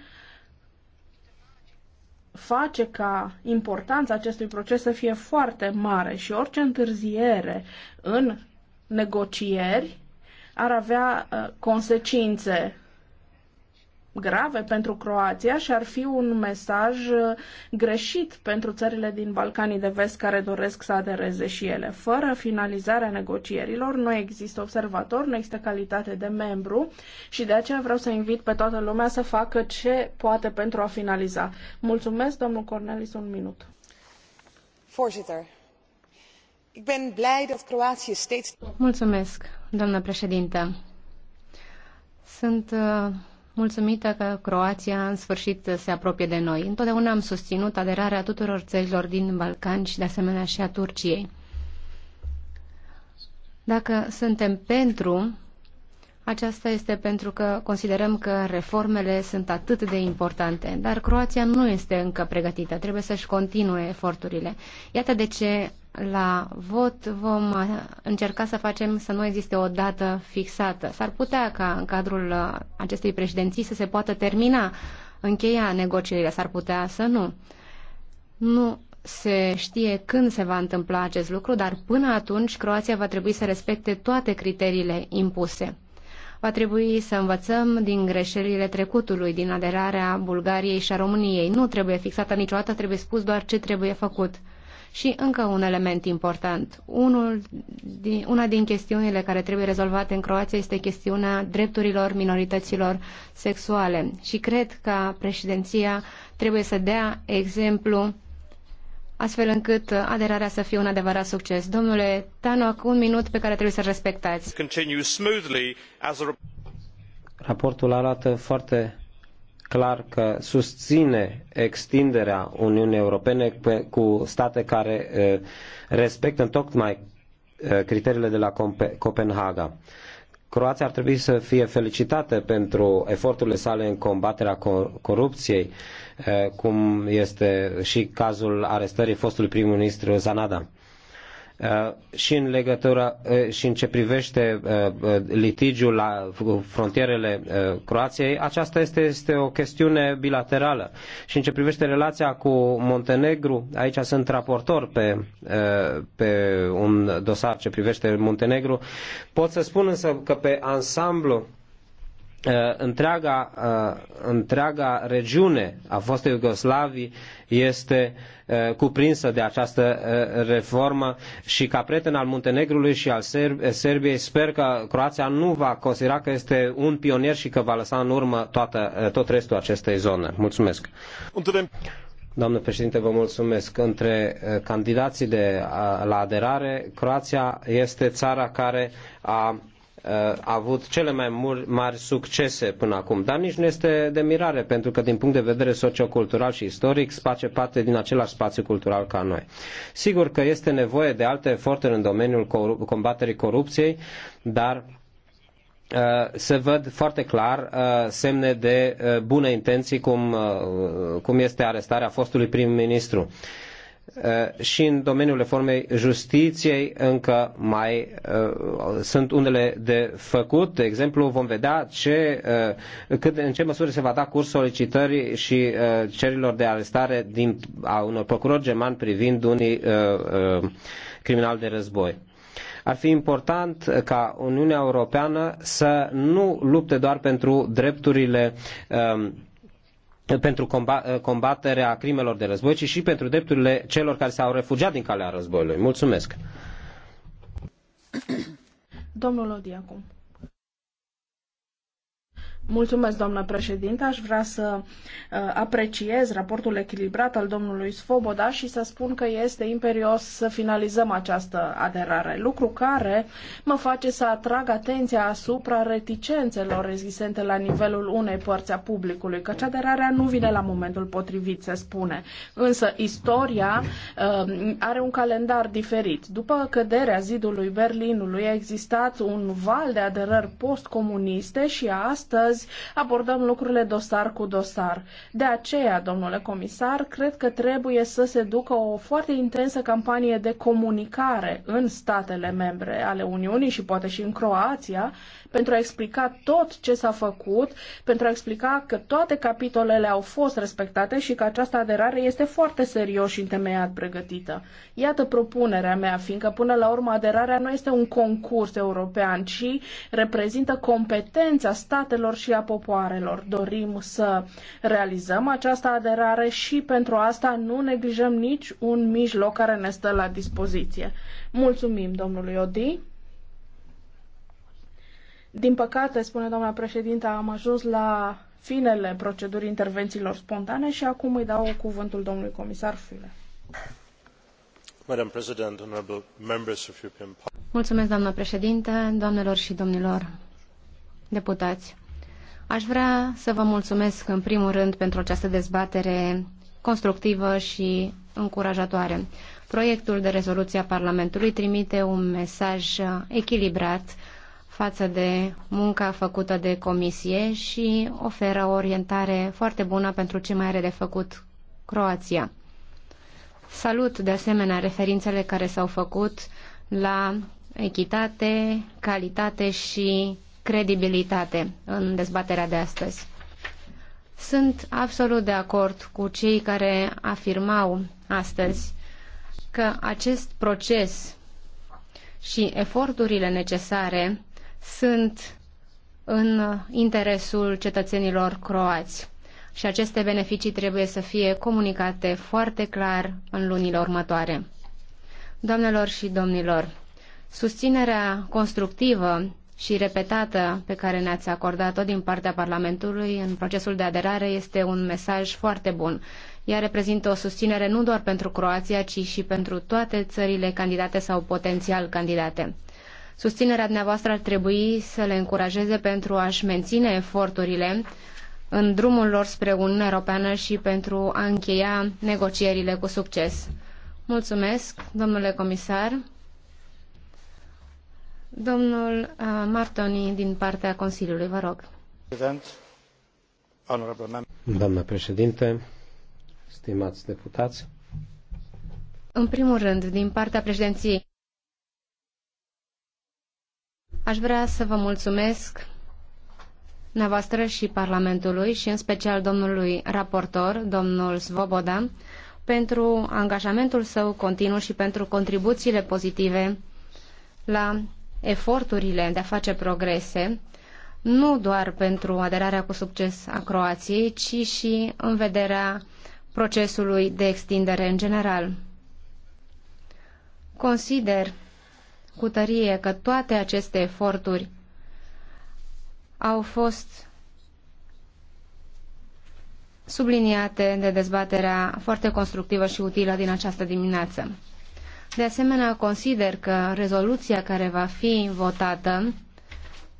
face ca importanța acestui proces să fie foarte mare și orice întârziere în negocieri ar avea uh, consecințe grave pentru Croația și ar fi un mesaj uh, greșit pentru țările din Balcanii de Vest care doresc să adereze și ele. Fără finalizarea negocierilor nu există observator, nu există calitate de membru și de aceea vreau să invit pe toată lumea să facă ce poate pentru a finaliza. Mulțumesc, domnul Cornelis, un minut. Voorzitter, Mulțumesc, doamnă președintă. Sunt uh mulțumită că Croația în sfârșit se apropie de noi. Întotdeauna am susținut aderarea tuturor țărilor din Balcani și de asemenea și a Turciei. Dacă suntem pentru, aceasta este pentru că considerăm că reformele sunt atât de importante, dar Croația nu este încă pregătită, trebuie să-și continue eforturile. Iată de ce la vot vom încerca să facem să nu existe o dată fixată. S-ar putea ca în cadrul uh, acestei președinții să se poată termina, încheia negocierile, s-ar putea să nu. Nu se știe când se va întâmpla acest lucru, dar până atunci Croația va trebui să respecte toate criteriile impuse. Va trebui să învățăm din greșelile trecutului, din aderarea Bulgariei și a României. Nu trebuie fixată niciodată, trebuie spus doar ce trebuie făcut. Și încă un element important. Unul din, una din chestiunile care trebuie rezolvate în Croația este chestiunea drepturilor minorităților sexuale. Și cred că președinția trebuie să dea exemplu astfel încât aderarea să fie un adevărat succes. Domnule Tanoc, un minut pe care trebuie să-l respectați. Raportul arată foarte clar că susține extinderea Uniunii Europene cu state care respectă tocmai criteriile de la Copenhaga. Croația ar trebui să fie felicitată pentru eforturile sale în combaterea corupției, cum este și cazul arestării fostului prim-ministru Zanada. Uh, și în legătură uh, și în ce privește uh, litigiul la frontierele Croației, aceasta este, este o chestiune bilaterală. Și în ce privește relația cu Montenegru, aici sunt raportor pe, pe un dosar ce privește Montenegru, pot să spun însă că pe ansamblu Uh, întreaga, uh, întreaga regiune a fostei Iugoslavii este uh, cuprinsă de această reformă și ca prieten al Muntenegrului și al Serbiei sper că Croația nu va considera că este un pionier și că va lăsa în urmă toată, tot restul acestei zone. Mulțumesc! Doamnă președinte, vă mulțumesc. Între candidații de, la aderare, Croația este țara care a a avut cele mai mari succese până acum, dar nici nu este de mirare, pentru că din punct de vedere sociocultural și istoric face parte din același spațiu cultural ca noi. Sigur că este nevoie de alte eforturi în domeniul corup- combaterii corupției, dar uh, se văd foarte clar uh, semne de uh, bune intenții, cum, cum este arestarea fostului prim-ministru. Eh, și în domeniul reformei justiției încă mai uh, sunt unele de făcut. De exemplu, vom vedea ce, uh, cât, în ce măsură se va da curs solicitării și uh, cerilor de arestare din, a unor procurori germani privind unii criminali de război ar fi important ca Uniunea Europeană să nu lupte doar pentru drepturile pentru eh, combaterea crimelor de război, ci și pentru drepturile celor care s-au refugiat din calea războiului. Mulțumesc! Domnul Mulțumesc, doamnă președinte. Aș vrea să uh, apreciez raportul echilibrat al domnului Svoboda și să spun că este imperios să finalizăm această aderare, lucru care mă face să atrag atenția asupra reticențelor existente la nivelul unei părți a publicului, căci aderarea nu vine la momentul potrivit, se spune. Însă istoria uh, are un calendar diferit. După căderea zidului Berlinului a existat un val de aderări postcomuniste și astăzi astăzi abordăm lucrurile dosar cu dosar. De aceea, domnule comisar, cred că trebuie să se ducă o foarte intensă campanie de comunicare în statele membre ale Uniunii și poate și în Croația pentru a explica tot ce s-a făcut, pentru a explica că toate capitolele au fost respectate și că această aderare este foarte serios și întemeiat pregătită. Iată propunerea mea, fiindcă până la urmă aderarea nu este un concurs european, ci reprezintă competența statelor și a popoarelor. Dorim să realizăm această aderare și pentru asta nu neglijăm nici un mijloc care ne stă la dispoziție. Mulțumim domnului Odi. Din păcate, spune doamna președinte, am ajuns la finele procedurii intervențiilor spontane și acum îi dau cuvântul domnului comisar Fule. Mulțumesc, doamna președinte, doamnelor și domnilor deputați. Aș vrea să vă mulțumesc în primul rând pentru această dezbatere constructivă și încurajatoare. Proiectul de rezoluție a Parlamentului trimite un mesaj echilibrat față de munca făcută de comisie și oferă o orientare foarte bună pentru ce mai are de făcut Croația. Salut de asemenea referințele care s-au făcut la echitate, calitate și credibilitate în dezbaterea de astăzi. Sunt absolut de acord cu cei care afirmau astăzi că acest proces și eforturile necesare sunt în interesul cetățenilor croați și aceste beneficii trebuie să fie comunicate foarte clar în lunile următoare. Doamnelor și domnilor, susținerea constructivă și repetată pe care ne-ați acordat-o din partea Parlamentului în procesul de aderare este un mesaj foarte bun. Ea reprezintă o susținere nu doar pentru Croația, ci și pentru toate țările candidate sau potențial candidate. Susținerea dumneavoastră ar trebui să le încurajeze pentru a-și menține eforturile în drumul lor spre Uniunea Europeană și pentru a încheia negocierile cu succes. Mulțumesc, domnule comisar. Domnul uh, Martoni, din partea Consiliului, vă rog. Doamnă președinte, stimați deputați, în primul rând, din partea președinției Aș vrea să vă mulțumesc dumneavoastră și Parlamentului și în special domnului raportor, domnul Svoboda, pentru angajamentul său continuu și pentru contribuțiile pozitive la eforturile de a face progrese, nu doar pentru aderarea cu succes a Croației, ci și în vederea procesului de extindere în general. Consider cu tărie că toate aceste eforturi au fost subliniate de dezbaterea foarte constructivă și utilă din această dimineață. De asemenea, consider că rezoluția care va fi votată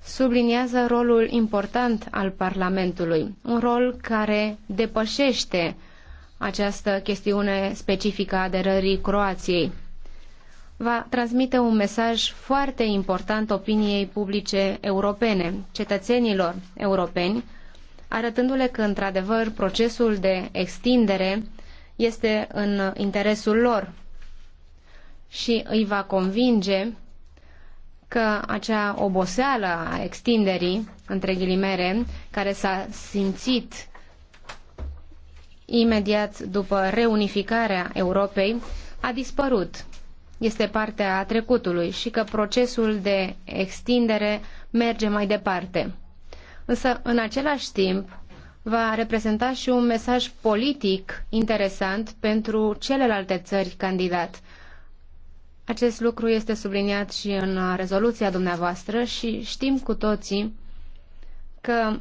subliniază rolul important al Parlamentului, un rol care depășește această chestiune specifică a aderării Croației va transmite un mesaj foarte important opiniei publice europene, cetățenilor europeni, arătându-le că, într-adevăr, procesul de extindere este în interesul lor și îi va convinge că acea oboseală a extinderii, între ghilimere, care s-a simțit imediat după reunificarea Europei, a dispărut este parte a trecutului și că procesul de extindere merge mai departe. Însă, în același timp, va reprezenta și un mesaj politic interesant pentru celelalte țări candidat. Acest lucru este subliniat și în rezoluția dumneavoastră și știm cu toții că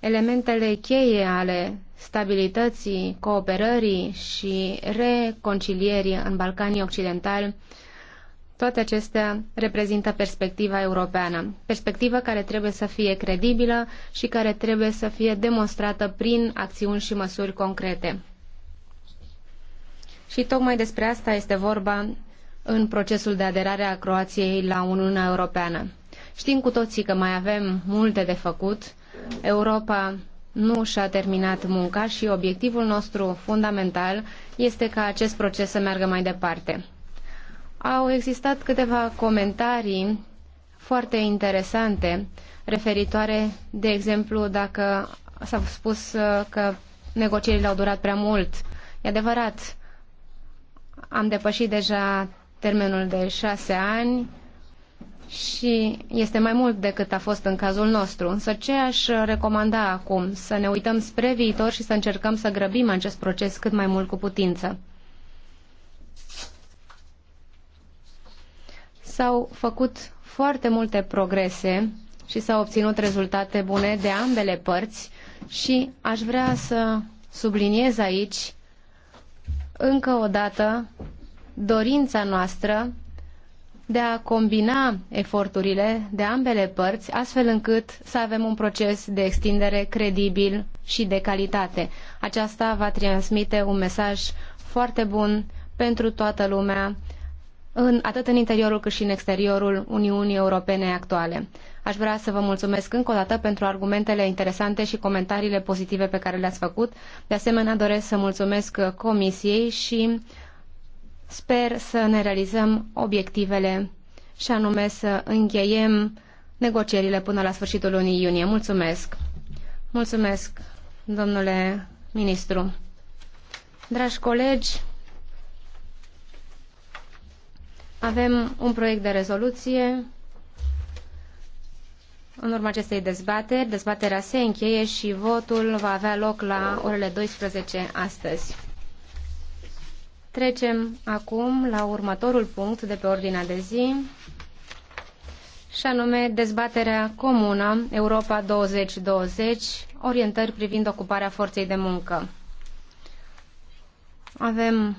elementele cheie ale stabilității, cooperării și reconcilierii în Balcanii Occidentali, toate acestea reprezintă perspectiva europeană, perspectivă care trebuie să fie credibilă și care trebuie să fie demonstrată prin acțiuni și măsuri concrete. Și tocmai despre asta este vorba în procesul de aderare a Croației la Uniunea Europeană. Știm cu toții că mai avem multe de făcut. Europa nu și-a terminat munca și obiectivul nostru fundamental este ca acest proces să meargă mai departe. Au existat câteva comentarii foarte interesante referitoare, de exemplu, dacă s-a spus uh, că negocierile au durat prea mult. E adevărat, am depășit deja termenul de șase ani, și este mai mult decât a fost în cazul nostru. Însă ce aș recomanda acum? Să ne uităm spre viitor și să încercăm să grăbim acest proces cât mai mult cu putință. S-au făcut foarte multe progrese și s-au obținut rezultate bune de ambele părți și aș vrea să subliniez aici încă o dată dorința noastră de a combina eforturile de ambele părți, astfel încât să avem un proces de extindere credibil și de calitate. Aceasta va transmite un mesaj foarte bun pentru toată lumea, în, atât în interiorul cât și în exteriorul Uniunii Europene actuale. Aș vrea să vă mulțumesc încă o dată pentru argumentele interesante și comentariile pozitive pe care le-ați făcut. De asemenea, doresc să mulțumesc Comisiei și Sper să ne realizăm obiectivele și anume să încheiem negocierile până la sfârșitul lunii iunie. Mulțumesc! Mulțumesc, domnule ministru! Dragi colegi, avem un proiect de rezoluție în urma acestei dezbateri. Dezbaterea se încheie și votul va avea loc la orele 12 astăzi. Trecem acum la următorul punct de pe ordinea de zi, și anume dezbaterea comună Europa 2020, orientări privind ocuparea forței de muncă. Avem